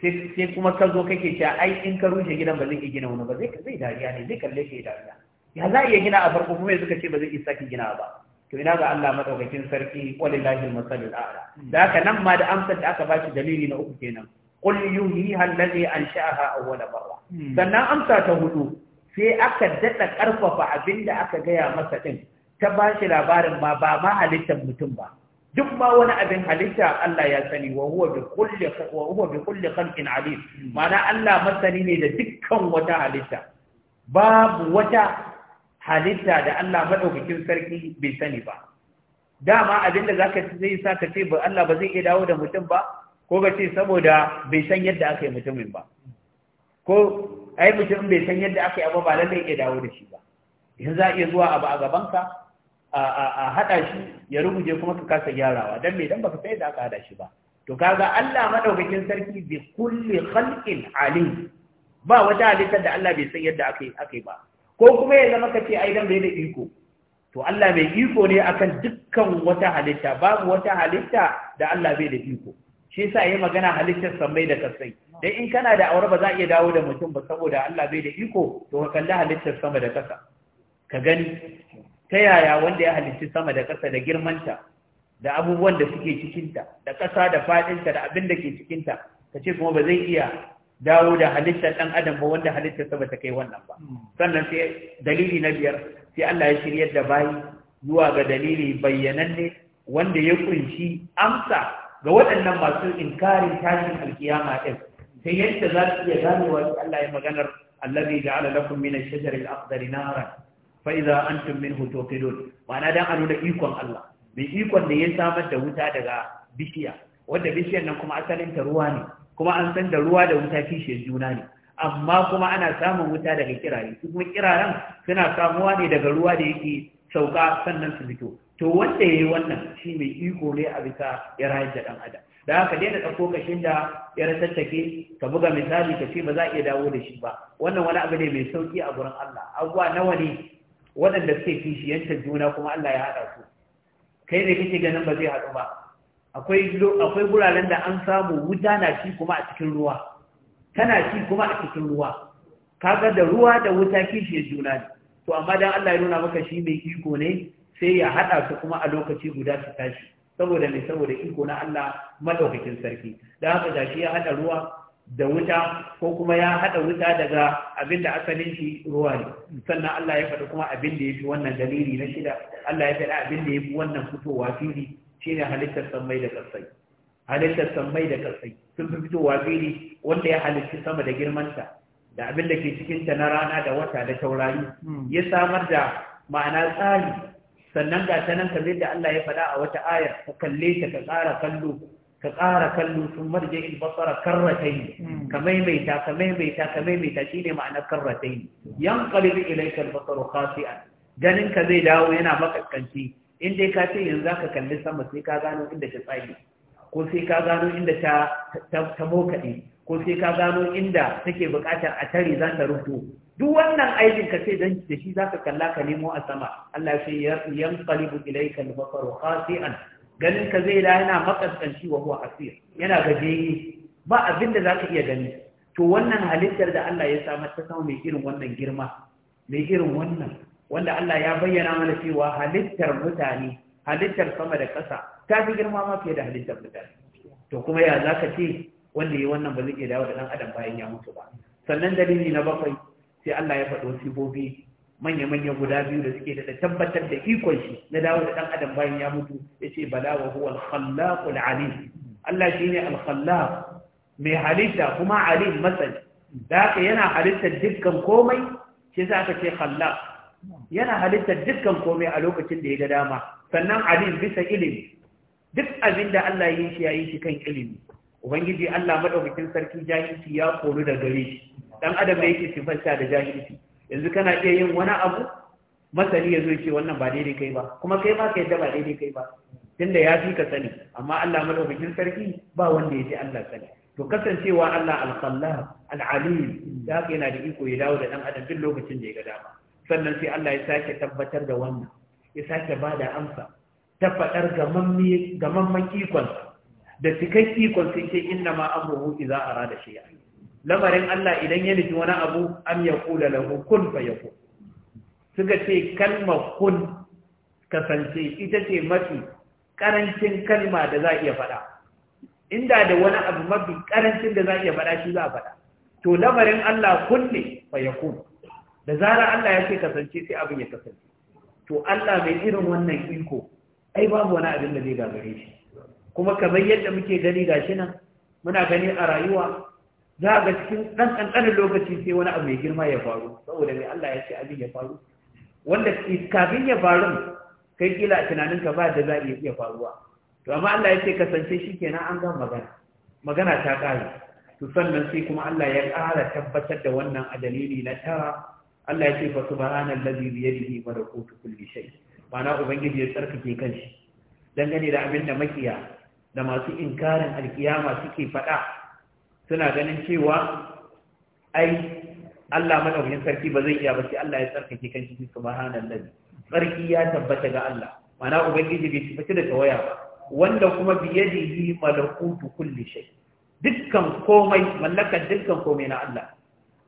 sai kuma ka zo kake cewa ai in ka rushe gidan ba zai iya gina wani ba zai zai dariya ne zai kalle shi dariya ya za a iya gina a farko kuma yanzu ka ce ba zai iya saki gina ba to ina ga Allah madaukakin sarki walillahi almasalul a'la da haka nan ma da amsar da aka bashi dalili na uku kenan qul yuhiha allazi ansha'aha awwala marra hmm. sannan amsa ta hudu sai aka dada karfafa abinda aka gaya masa din ta ba shi labarin ma ba ma halittar mutum ba duk ma wani abin halitta Allah ya sani wa huwa bi kulli wa huwa bi kulli khalqin alim mana Allah masani ne da dukkan wata halitta babu wata halitta da Allah madaukakin sarki bai sani ba dama abin da zaka zai sa ka ce ba Allah ba zai iya dawo da mutum ba ko ka ce saboda bai san yadda aka yi mutumin ba ko ai mutum bai san yadda aka yi abu ba lallai iya dawo da shi ba yanzu za a iya zuwa abu a gabanka a haɗa shi ya rubuje kuma ka kasa gyarawa dan me dan baka sai da aka haɗa shi ba to kaga Allah madaukakin sarki bi kulli khalqin alim ba wata halittar da Allah bai san yadda aka yi aka ba ko kuma ya zama kace ai dan bai da iko to Allah bai iko ne akan dukkan wata halitta babu wata halitta da Allah bai da iko shi yasa yayi magana halittar samai da kasai dan in kana da aure ba za iya dawo da mutum ba saboda Allah bai da iko to ka kalli halittar sama da kasa ka gani ta yaya wanda ya halitti sama da ƙasa da girmanta da abubuwan da suke cikinta da ƙasa da faɗinta da abin da ke cikinta ka ce kuma ba zai iya dawo da halittar ɗan adam ba wanda halittarsa ba ta kai wannan ba hmm. sannan sai dalili na biyar sai Allah ya shiryar da bayi zuwa ga dalili bayyananne wanda ya kunshi amsa ga waɗannan masu inkarin tashin alkiyama ɗin sai yadda za su iya ganewa Allah ya maganar allazi ja'ala lakum min ash-shajari al-akhdari naran fa idza antum minhu tuqidun ma'ana dan anu da ikon Allah mai ikon da ya samar da wuta daga bishiya wanda bishiyar nan kuma asalin ta ruwa ne kuma an san da ruwa da wuta kishe juna ne amma kuma ana samun wuta daga kirare su kuma kiraren suna samuwa ne daga ruwa da yake sauka sannan su fito to wanda yayi wannan shi mai iko ne a bisa ya da dan adam da haka daina ɗauko kashin da 'yar rasattake ka buga misali ka ce ba za a iya dawo da shi ba wannan wani abu ne mai sauki a gurin Allah abuwa nawa ne waɗanda suke kishiyanta juna kuma Allah ya haɗa su kai ne kake ganin ba zai haɗu ba akwai akwai guraren da an samu wuta na ci kuma a cikin ruwa tana ci kuma a cikin ruwa kaga da ruwa da wuta kishiyar juna ne to amma dan Allah ya nuna maka shi mai iko ne sai ya haɗa su kuma a lokaci guda su tashi saboda mai saboda iko na Allah madaukakin sarki da haka gashi ya haɗa ruwa da wuta ko kuma ya haɗa wuta daga abin da asalin shi ruwa ne sannan Allah ya faɗi kuma abin da ya fi wannan dalili na shida Allah ya faɗi abin da ya fi wannan fitowa fili shi ne halittar sammai da kasai halittar sammai da kasai sun fi fitowa fili wanda ya halitti sama da girmanta da abin da ke cikinta na rana da wata da taurari hmm. ya samar da ma'ana tsari sannan ga ta nan kamar yadda Allah ya faɗa a wata ayar ka kalle ta ka tsara kallo ka ƙara kallo sun marje in basara yi hmm. ka maimaita ka maimaita ka maimaita shi ne ma'anar yi yan ƙalibi ilaikar basaru khasi'an ganin ka zai dawo yana makaskanci in dai ka ce yanzu ka kalli sama sai ka gano inda ta tsaye ko sai ka gano inda ta mokaɗe ko sai ka gano inda take buƙatar a tare za ta rubuto duk wannan aikin ka ce dan da shi za ka kalla ka nemo a sama Allah ya ce yan ƙalibu ilaikar basaru khasi'an ganin ka zai da yana makaskanci wa huwa asir yana gajeye ba abin da zaka iya gani to wannan halittar da Allah ya samar ta samu mai irin wannan girma mai irin wannan wanda Allah ya bayyana mana cewa halittar mutane halittar sama da ƙasa ta fi girma ma fiye da halittar mutane to kuma ya ka ce wanda yi wannan ba zai iya dawo da dan adam bayan ya mutu ba sannan dalili na bakwai sai Allah ya faɗo sifofi manya-manya guda biyu da suke da tabbatar da ikon shi na dawo da ɗan adam bayan ya mutu yace bala wa huwa al alim Allah shine al-khallaq mai halitta kuma alim masal da yana halittar dukkan komai shi za ka ce khallaq yana halittar dukkan komai a lokacin da ya ga dama sannan alim bisa ilimi duk abin da Allah ya yi shi ya yi shi kan ilimi ubangiji Allah maɗaukakin sarki jahilci ya koru da gare shi adam ne yake sifanta da jahilci yanzu kana iya yin wani abu masani ya zo ce wannan ba daidai kai ba kuma kai ma ka yadda ba daidai kai ba tunda ya fi ka sani amma Allah madaukakin sarki ba wanda ya ji Allah sani to kasancewa Allah al-Khallah al-Alim da yana da iko ya dawo da dan adam duk lokacin da ya ga dama sannan sai Allah ya sake tabbatar da wannan ya sake ba da amsa ta faɗar mamman ikon da cikakken ikon sai ce inna ma amruhu idza arada shay'an lamarin Allah idan ya nufi wani abu am ya kula lahu kun fa yakun suka ce kalmar kun kasance ita ce mafi karancin kalma da za a iya faɗa inda da wani abu mafi karancin da za a iya faɗa shi za a faɗa to lamarin Allah kun ne fa yakun da zara Allah ya ce kasance sai abin ya kasance to Allah mai irin wannan iko ai babu wani abin da zai gagare shi kuma kamar yadda muke gani gashi nan muna gani a rayuwa za ga cikin ɗan lokaci sai wani abu mai girma ya faru saboda mai Allah ya ce abin ya faru wanda kafin ya faru kai kila tunaninka ba da za iya faruwa to amma Allah ya ce kasance shi kenan an gan magana magana ta ƙare to sannan sai kuma Allah ya ƙara tabbatar da wannan a dalili na tara Allah ya ce fa subhanallazi bi yadihi malakutu kulli shay ma'ana ubangiji ya tsarkake kanshi dangane da abin da makiya da masu inkarin alkiyama suke faɗa suna ganin cewa ai Allah madaukakin sarki ba zai iya ba sai Allah ya tsarkake kan shi subhanallahi tsarki ya tabbata ga Allah mana ubangiji bai tabbata da tawaya ba wanda kuma biyadihi malakutu kulli shay dukkan komai mallakar dukkan komai na Allah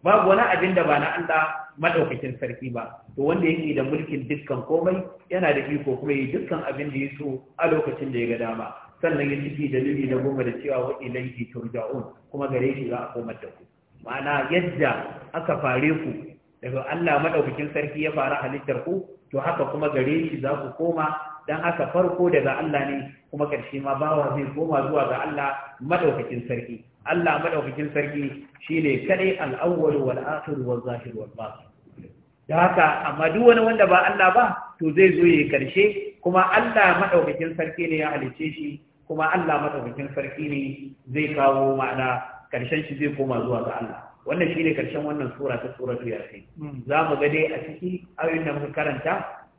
babu wani abin da ba na Allah madaukakin sarki ba to wanda yake da mulkin dukkan komai yana da iko kuma yi dukkan abin da ya so a lokacin da ya ga dama sannan ya ciki dalili na goma da cewa wa ilaihi turja'un kuma gare shi za a komar da ku ma'ana yadda aka fare ku daga Allah madaukakin sarki ya fara halittar ku to haka kuma gare shi za ku koma dan haka farko daga Allah ne kuma karshe ma bawa zai koma zuwa ga Allah madaukakin sarki Allah madaukakin sarki shine kadai al-awwal wal akhir wal zahir wal batin da haka amma duk wani wanda ba Allah ba to zai zo yayi karshe kuma Allah madaukakin sarki ne ya halice shi kuma Allah bikin sarki ne zai kawo ma'ana karshen shi zai koma zuwa ga Allah wannan shine karshen wannan sura ta suratu yasi hmm. za mu ga dai a ciki ayoyin da muka karanta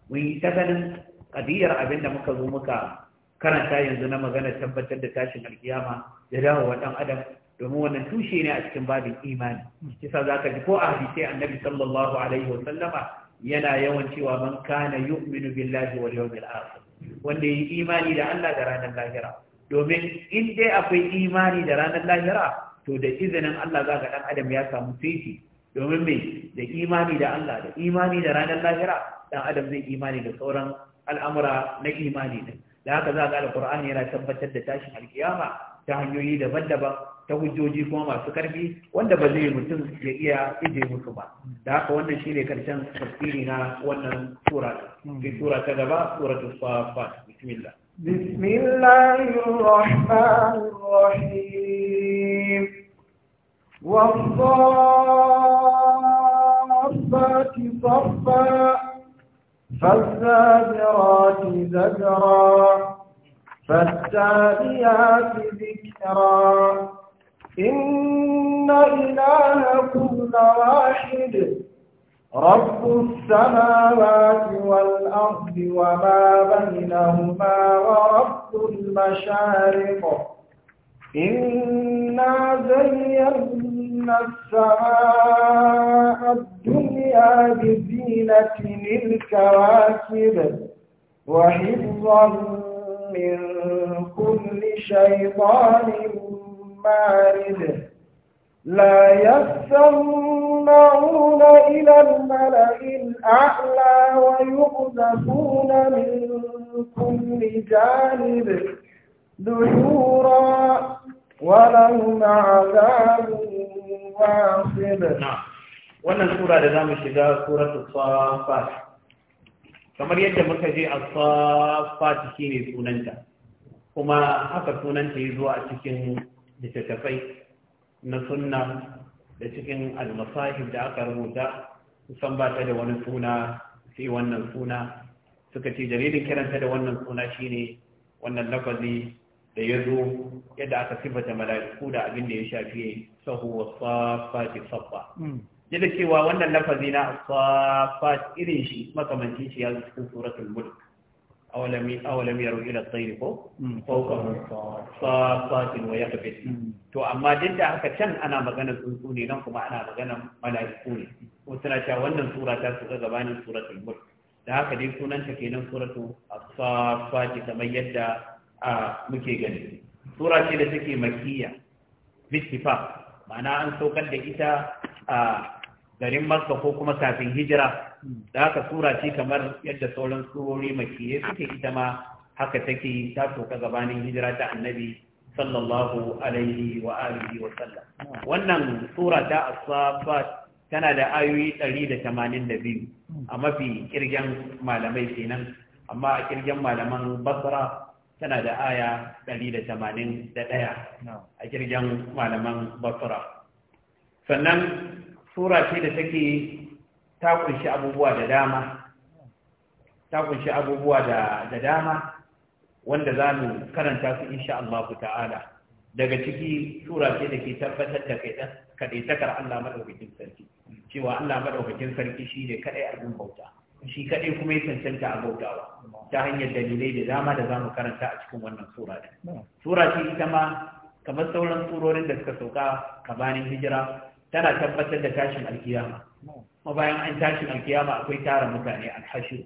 mun yi ta ganin kadiyar abin da muka zo muka karanta yanzu na magana tabbatar da tashin alkiyama da dawo wa dan adam domin wannan tushe ne a cikin babin imani hmm. kisa za ka ji ko a hadisai annabi sallallahu alaihi wa sallama yana yawan cewa man kana yu'minu billahi wal yawmil akhir wanda ya yi imani da Allah da ranar lahira domin in dai akwai imani da ranar lahira to da izinin Allah za ga ɗan adam ya samu fiti domin mai da imani da Allah da imani da ranar lahira ɗan adam zai imani da sauran al'amura na imani da haka za ga alƙur'ani yana tabbatar da tashin alkiyama ta hanyoyi daban-daban ta hujjoji kuma masu karfi wanda ba zai mutum ya iya ije musu ba da haka wannan shine karshen tafsiri na wannan sura fi sura ta gaba ta safat bismillah bismillahirrahmanirrahim الله والصافات صفا فالزاجرات زجرا فالتاليات ذكرا إن إلهكم لواحد رب السماوات والأرض وما بينهما ورب المشارق إنا زينا السماء الدنيا بزينة للكواكب وحفظا من كل شيطان بارد لا يستمعون إلى الملأ الأعلى ويقذفون من كل جانب دحورا ولهم عذاب واصب wannan sura da za mu shiga suratul safat kamar yadda muka je a safat shine sunanta kuma haka sunanta ya zo a cikin littattafai na sunna da cikin almasahib da aka rubuta san ba ta da wani suna sai wannan suna suka ce dalilin kiranta da wannan suna shine wannan lafazi da ya zo yadda aka sifata mala'iku da abin da ya shafi sahu wa safati hmm. yadda cewa wannan lafazi na safat irin shi makamancin shi ya zo cikin suratul mulk awalam yaro ila tsairi ko fauka safatin wa yakbit to amma duk da haka can ana maganar tsuntsu ne nan kuma ana maganar mala'iku ne ko tana cewa wannan sura ta suka gabanin suratul mulk da haka dai sunanta kenan suratu as-safat kamar yadda muke gani sura ce da take makkiya bittifaq ma'ana an saukar da ita a garin makka ko kuma kafin hijira da haka tura shi kamar yadda sauran surori makiye suke ita ma haka take ta soka gabanin hijira ta annabi sallallahu alaihi wa alihi wa sallam wannan sura ta asafat tana da ayoyi 182 a mafi kirgen malamai kenan amma a kirgen malaman basra tana da aya 181 a kirgen malaman basra sannan sura ce da take ta kunshi abubuwa da dama ta abubuwa da dama wanda za mu karanta su insha Allah ta'ala daga ciki sura ce da ke tabbatar da kai kaɗaitakar Allah maɗaukakin sarki cewa Allah maɗaukakin sarki shi ne kaɗai abin bauta shi kaɗai kuma ya cancanta a bautawa ta hanyar dalilai da dama da za mu karanta a cikin wannan sura ɗin sura ce ita ma kamar sauran surorin da suka sauka gabanin hijira tana tabbatar da tashin alkiyama kuma bayan an tashi alkiyama akwai tara mutane alhashu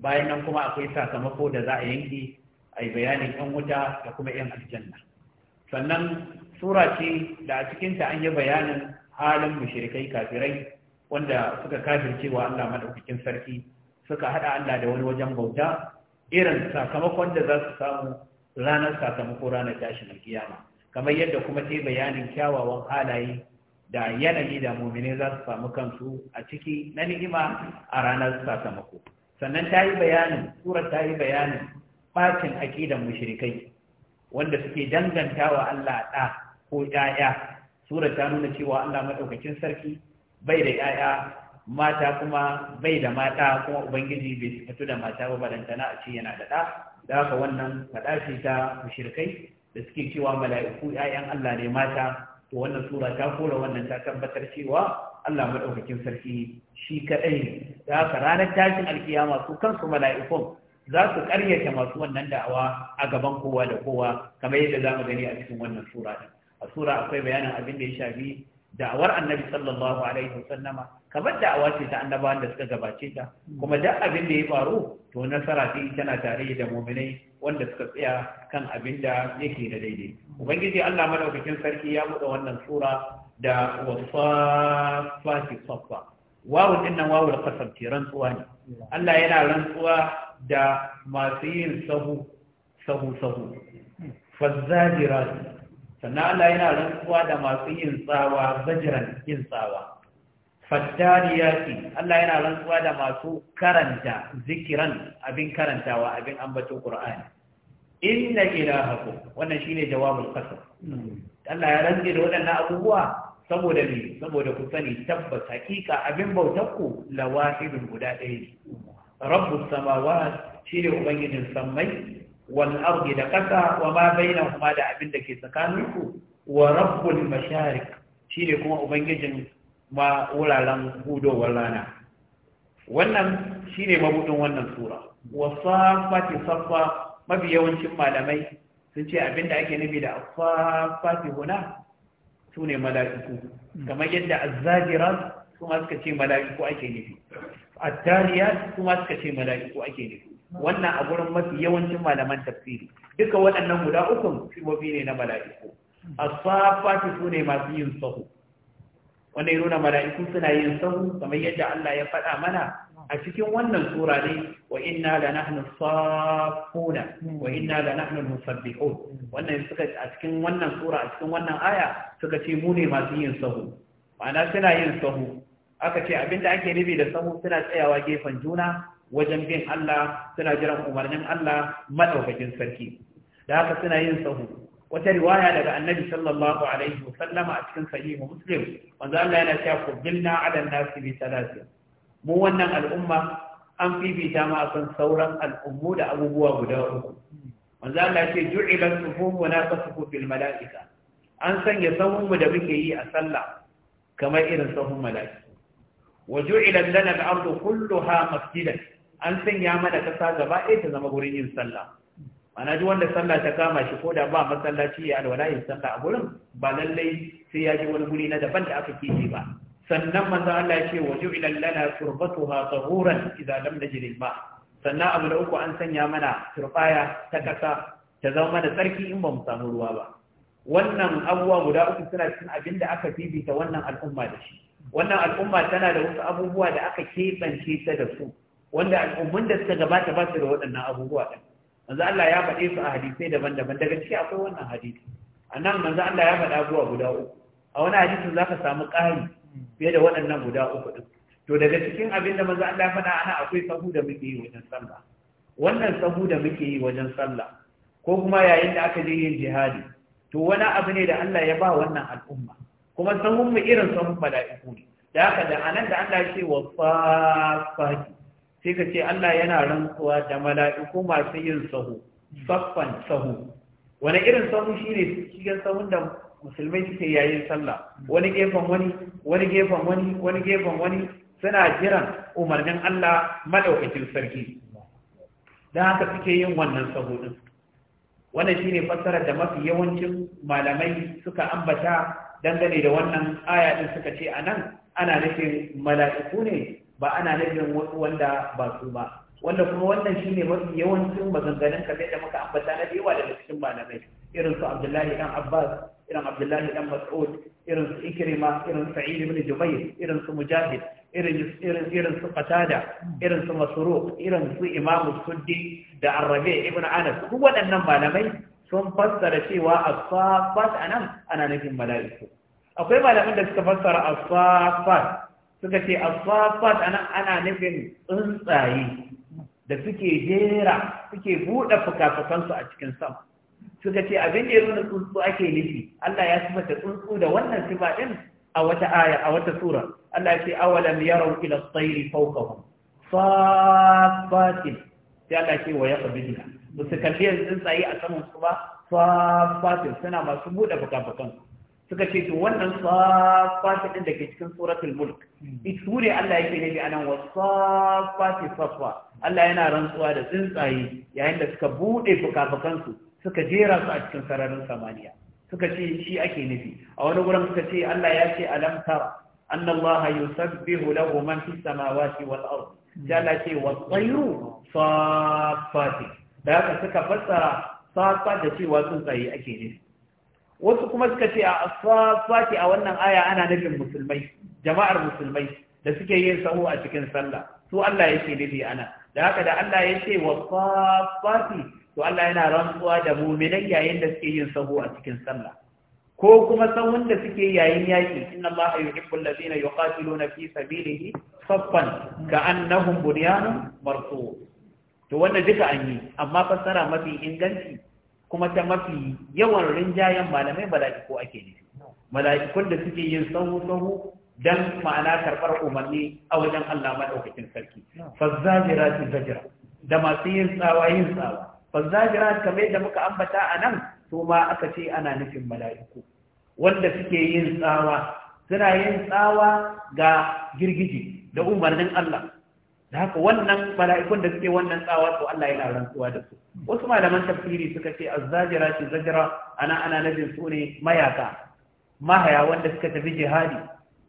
bayan nan kuma akwai sakamako da za a yanke a yi bayanin yan wuta da kuma yan aljanna sannan sura ce da a cikinta an yi bayanin halin mushrikai kafirai wanda suka kafircewa Allah madaukakin sarki suka haɗa Allah da wani wajen bauta irin sakamakon da za su samu ranar sakamako ranar tashin alkiyama kamar yadda kuma ta bayanin kyawawan halaye da yanayi da mumini za su samu kansu a ciki na ni'ima a ranar sakamako sannan ta yi bayanin surar ta yi bayanin bacin akidan mushrikai wanda suke danganta wa Allah ɗa ko ƴaƴa surar ta nuna cewa Allah maɗaukakin sarki bai da ƴaƴa mata kuma bai da mata kuma ubangiji bai fito da mata ba balantana a ce yana da ɗa da haka wannan faɗa ce ta mushrikai da suke cewa mala'iku ƴaƴan Allah ne mata to wannan sura ta kora wannan ta tabbatar cewa Allah madaukakin sarki shi kaɗai da haka ranar tashin alkiyama su kansu mala'ikun za su karyata masu wannan da'awa a gaban kowa da kowa kamar yadda za mu gani a cikin wannan sura din a sura akwai bayanin abin da ya shafi da'awar annabi sallallahu alaihi wasallama kamar da'awa ce ta annabawan da suka gabace ta kuma duk abin da ya faru to nasara ce tana tare da mu'minai wanda suka tsaya kan abin da yake da daidai ubangiji Allah madaukakin sarki ya buɗe wannan sura da wasafati safa wawun din nan wawul qasam ce rantsuwa ne Allah yana rantsuwa da masu yin sahu sahu sahu fazzajirat sannan Allah yana rantsuwa da masu yin tsawa zajiran yin tsawa faddariyati Allah yana rantsuwa da masu karanta zikiran abin karantawa abin ambaton Qur'ani inna ilahaku wannan shine jawabul qasam hmm. Allah ya rantse da waɗannan abubuwa saboda ni, saboda ku sani tabbas hakika abin bautar ku la wahidun guda ɗaya ne rabbus samawat shine ubangijin sammai wal ardi da ƙasa wa ma bainahuma da abin da ke tsakanin ku wa rabbul masharik shine kuma ubangijin ma wuraren hudowar rana wannan shine mabudin wannan sura wa safati safa mafi yawancin malamai sun ce abinda ake nufi da afafati huna su ne mala'iku kamar yadda azzajira su ma suka ce mala'iku ake nufi attariyat su ma suka ce mala'iku ake nufi wannan a gurin mafi yawancin malaman tafsiri duka waɗannan guda uku mafi ne na mala'iku asafati su ne masu yin sahu wanda ya nuna mala'iku suna yin sahu kamar yadda Allah ya faɗa mana a cikin wannan sura ne wa inna la nahnu safuna wa inna wannan suka a cikin wannan tsura a cikin wannan aya suka ce mu ne masu yin sahu ma'ana suna yin sahu aka ce abinda ake nufi da sahu suna tsayawa gefen juna wajen bin Allah suna jiran umarnin Allah madaukakin sarki da haka suna yin sahu wata riwaya daga annabi sallallahu alaihi wasallama a cikin sahihu muslim wanda Allah yana cewa kubilna ala nasi bi salatin mu wannan al'umma an fifita ma akan sauran al'ummu da abubuwa guda uku manzo Allah ce ju'ilan sufufu na kasufu fil mala'ika an sanya sahun mu da muke yi a sallah kamar irin sahun mala'ika wa ju'ilan lana al-ardu kulluha masjidan an sanya mana kasa gaba ɗaya ta zama gurin yin sallah ana ji wanda sallah ta kama shi ko da ba masallaci ya alwala yin sallah a gurin ba lallai sai ya ji wani guri na daban da aka kike ba sannan manzo Allah ya ce wa ju'ila lana turbatuha tahuran idza lam najri ma sannan abu da uku an sanya mana turbaya ta kasa ta zama mana tsarki in ba mu samu ruwa ba wannan abubuwa guda uku suna cikin abin da aka bibita wannan al'umma da shi wannan al'umma tana da wasu abubuwa da aka keɓance ta da su wanda al'ummun da suka gabata ba su da waɗannan abubuwa ɗin manzo Allah ya faɗe su a hadisai daban-daban daga ciki akwai wannan hadisi a nan manzo Allah ya faɗa abubuwa guda uku a wani hadisin za ka samu ƙari fiye da waɗannan guda uku ɗin to daga cikin abin da maza Allah faɗa ana akwai sahu da muke yi wajen sallah wannan sahu da muke yi wajen sallah ko kuma yayin da aka je yin jihadi to wani abu ne da Allah ya ba wannan al'umma kuma sahun mu irin sahun mala'iku ne da haka da anan da Allah ya ce wa safati sai ka ce Allah yana rantsuwa da mala'iku masu yin sahu saffan sahu wani irin sahu ne cikin sahun da musulmai suke yayin sallah wani gefen wani wani gefen wani wani gefen wani suna jiran umarnin Allah madaukakin sarki dan haka suke yin wannan sabo wannan shine fassara da mafi yawancin malamai suka ambata dangane da wannan aya din suka ce anan ana nufin mala'iku ne ba ana nufin wanda ba su ba wanda kuma wannan shine mafi yawancin maganganun kamar da muka ambata na da yawa daga cikin malamai irin su Abdullahi dan Abbas irin abdullahi dan mas'ud irin su ikrima irin sa'id ibn jubayr irin su mujahid irin irin irin su qatada irin su masruq irin su imam suddi da arabi ibn anas duk waɗannan malamai sun fassara cewa as-safat anan ana nufin mala'iku akwai malaman da suka fassara as-safat suka ce as-safat anan ana nufin tsuntsaye da suke jera suke buɗe fuka-fukansu a cikin sama suka ce abin da ya nuna tsuntsu ake nufi Allah ya sifata tsuntsu da wannan sifa din a wata aya a wata sura Allah ya ce awalam yarau ila at fawqahum safatin sai Allah ce wa yaqbidna ba kalli yanzu tsuntsaye a saman su ba safatin suna masu buɗe fuka-fukan suka ce to wannan safatin din da ke cikin suratul mulk ita Allah yake nabi anan wa safati safa Allah yana rantsuwa da tsuntsaye yayin da suka buɗe fuka-fukan su suka jera su a cikin sararin samaniya suka ce shi ake nufi a wani wurin suka ce Allah ya ce alam tara anna Allah yusabbihu lahu man fis samawati wal ard jalla ce "Wa tayru safati da haka suka fassara safa da cewa tsuntsaye ake nufi wasu kuma suka ce a safati a wannan aya ana nufin musulmai jama'ar musulmai da suke yin sahu a cikin sallah su Allah yake nufi ana da haka da Allah ya ce wa safati to Allah yana rantsuwa da mu'minai yayin da suke yin sahu a cikin sallah ko kuma sahun da suke yayin yaki inna Allah yuhibbul ladina yuqatiluna fi sabilihi saffan annahum bunyanun marfu to wannan duka an yi amma fassara mafi inganci kuma ta mafi yawan rinjayen malamai mala'iku ake ne mala'ikun da suke yin sahu sahu dan ma'ana karbar umarni a wajen Allah madaukakin sarki fazzajira zajira da masu yin tsawa yin tsawa fazzajirat kamar da muka ambata a nan to ma aka ce ana nufin mala'iku wanda suke yin tsawa suna yin tsawa ga girgiji da umarnin Allah da haka wannan mala'ikun da suke wannan tsawa to Allah yana rantsuwa da su wasu malaman tafsiri suka ce azzajira shi zajira ana ana su ne mayaka mahaya wanda suka tafi jihadi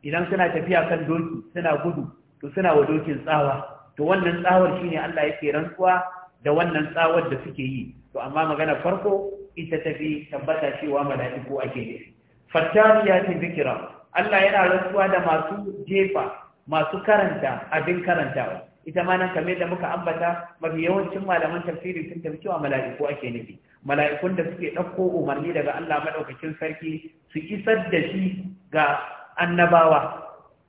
idan suna tafiya kan doki suna gudu to suna wa dokin tsawa to wannan tsawar shine Allah yake rantsuwa da wannan tsawar da suke yi to amma magana farko ita tafi tabbata cewa mala'iku ake nufi ya ce zikira Allah yana rantsuwa da masu jefa masu karanta abin karantawa ita ma nan kamar da muka ambata mafi yawancin malaman tafsiri sun tafi cewa mala'iku ake nufi mala'ikun da suke ɗauko umarni daga Allah maɗaukakin sarki su isar da shi ga annabawa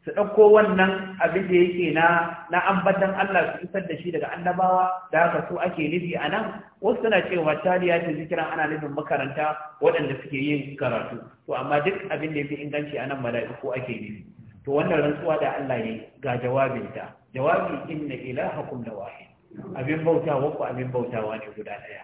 su ɗauko wannan abin da yake na na ambatan Allah su isar da shi daga annabawa da haka su ake nufi a nan wasu suna cewa tariya ce zikiran ana nufin makaranta waɗanda suke yin karatu to amma duk abin da ya fi inganci a nan mala'iku ake nufi to wannan rantsuwa da Allah ya ga jawabinta jawabi inna ilahakum la wahid abin bauta, ko abin bautawa ne guda ɗaya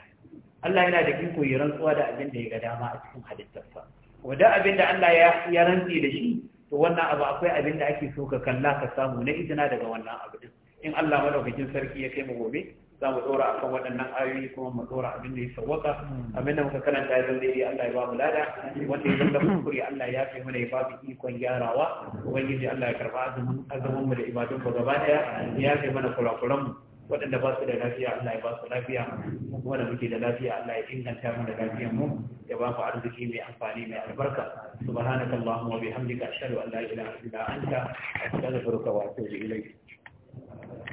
Allah yana da iko ya rantsuwa da abin da ya ga dama a cikin halittarsa wanda abin da Allah ya rantsi da shi to wannan abu akwai abin da ake so ka kalla ka samu na izina daga wannan abu din in Allah madaukakin sarki ya kai mu gobe za mu dora akan waɗannan ayoyi kuma mu dora abin da ya sawwaka hmm. abin da muka karanta ya zama Allah ya ba mu lada wanda ya zama kuskure Allah ya fi mana ya ba mu ikon gyarawa ubangiji Allah ya karba azumin mu da ibadun mu gaba daya ya fi mana kurakuran mu waɗanda ba su da lafiya Allah ya ba su lafiya mu kuma da muke da lafiya Allah ya inganta mu da lafiyar mu ya ba mu arziki mai amfani mai albarka subhanaka allahumma wa bihamdika ashhadu an la ilaha illa anta astaghfiruka wa atubu ilayk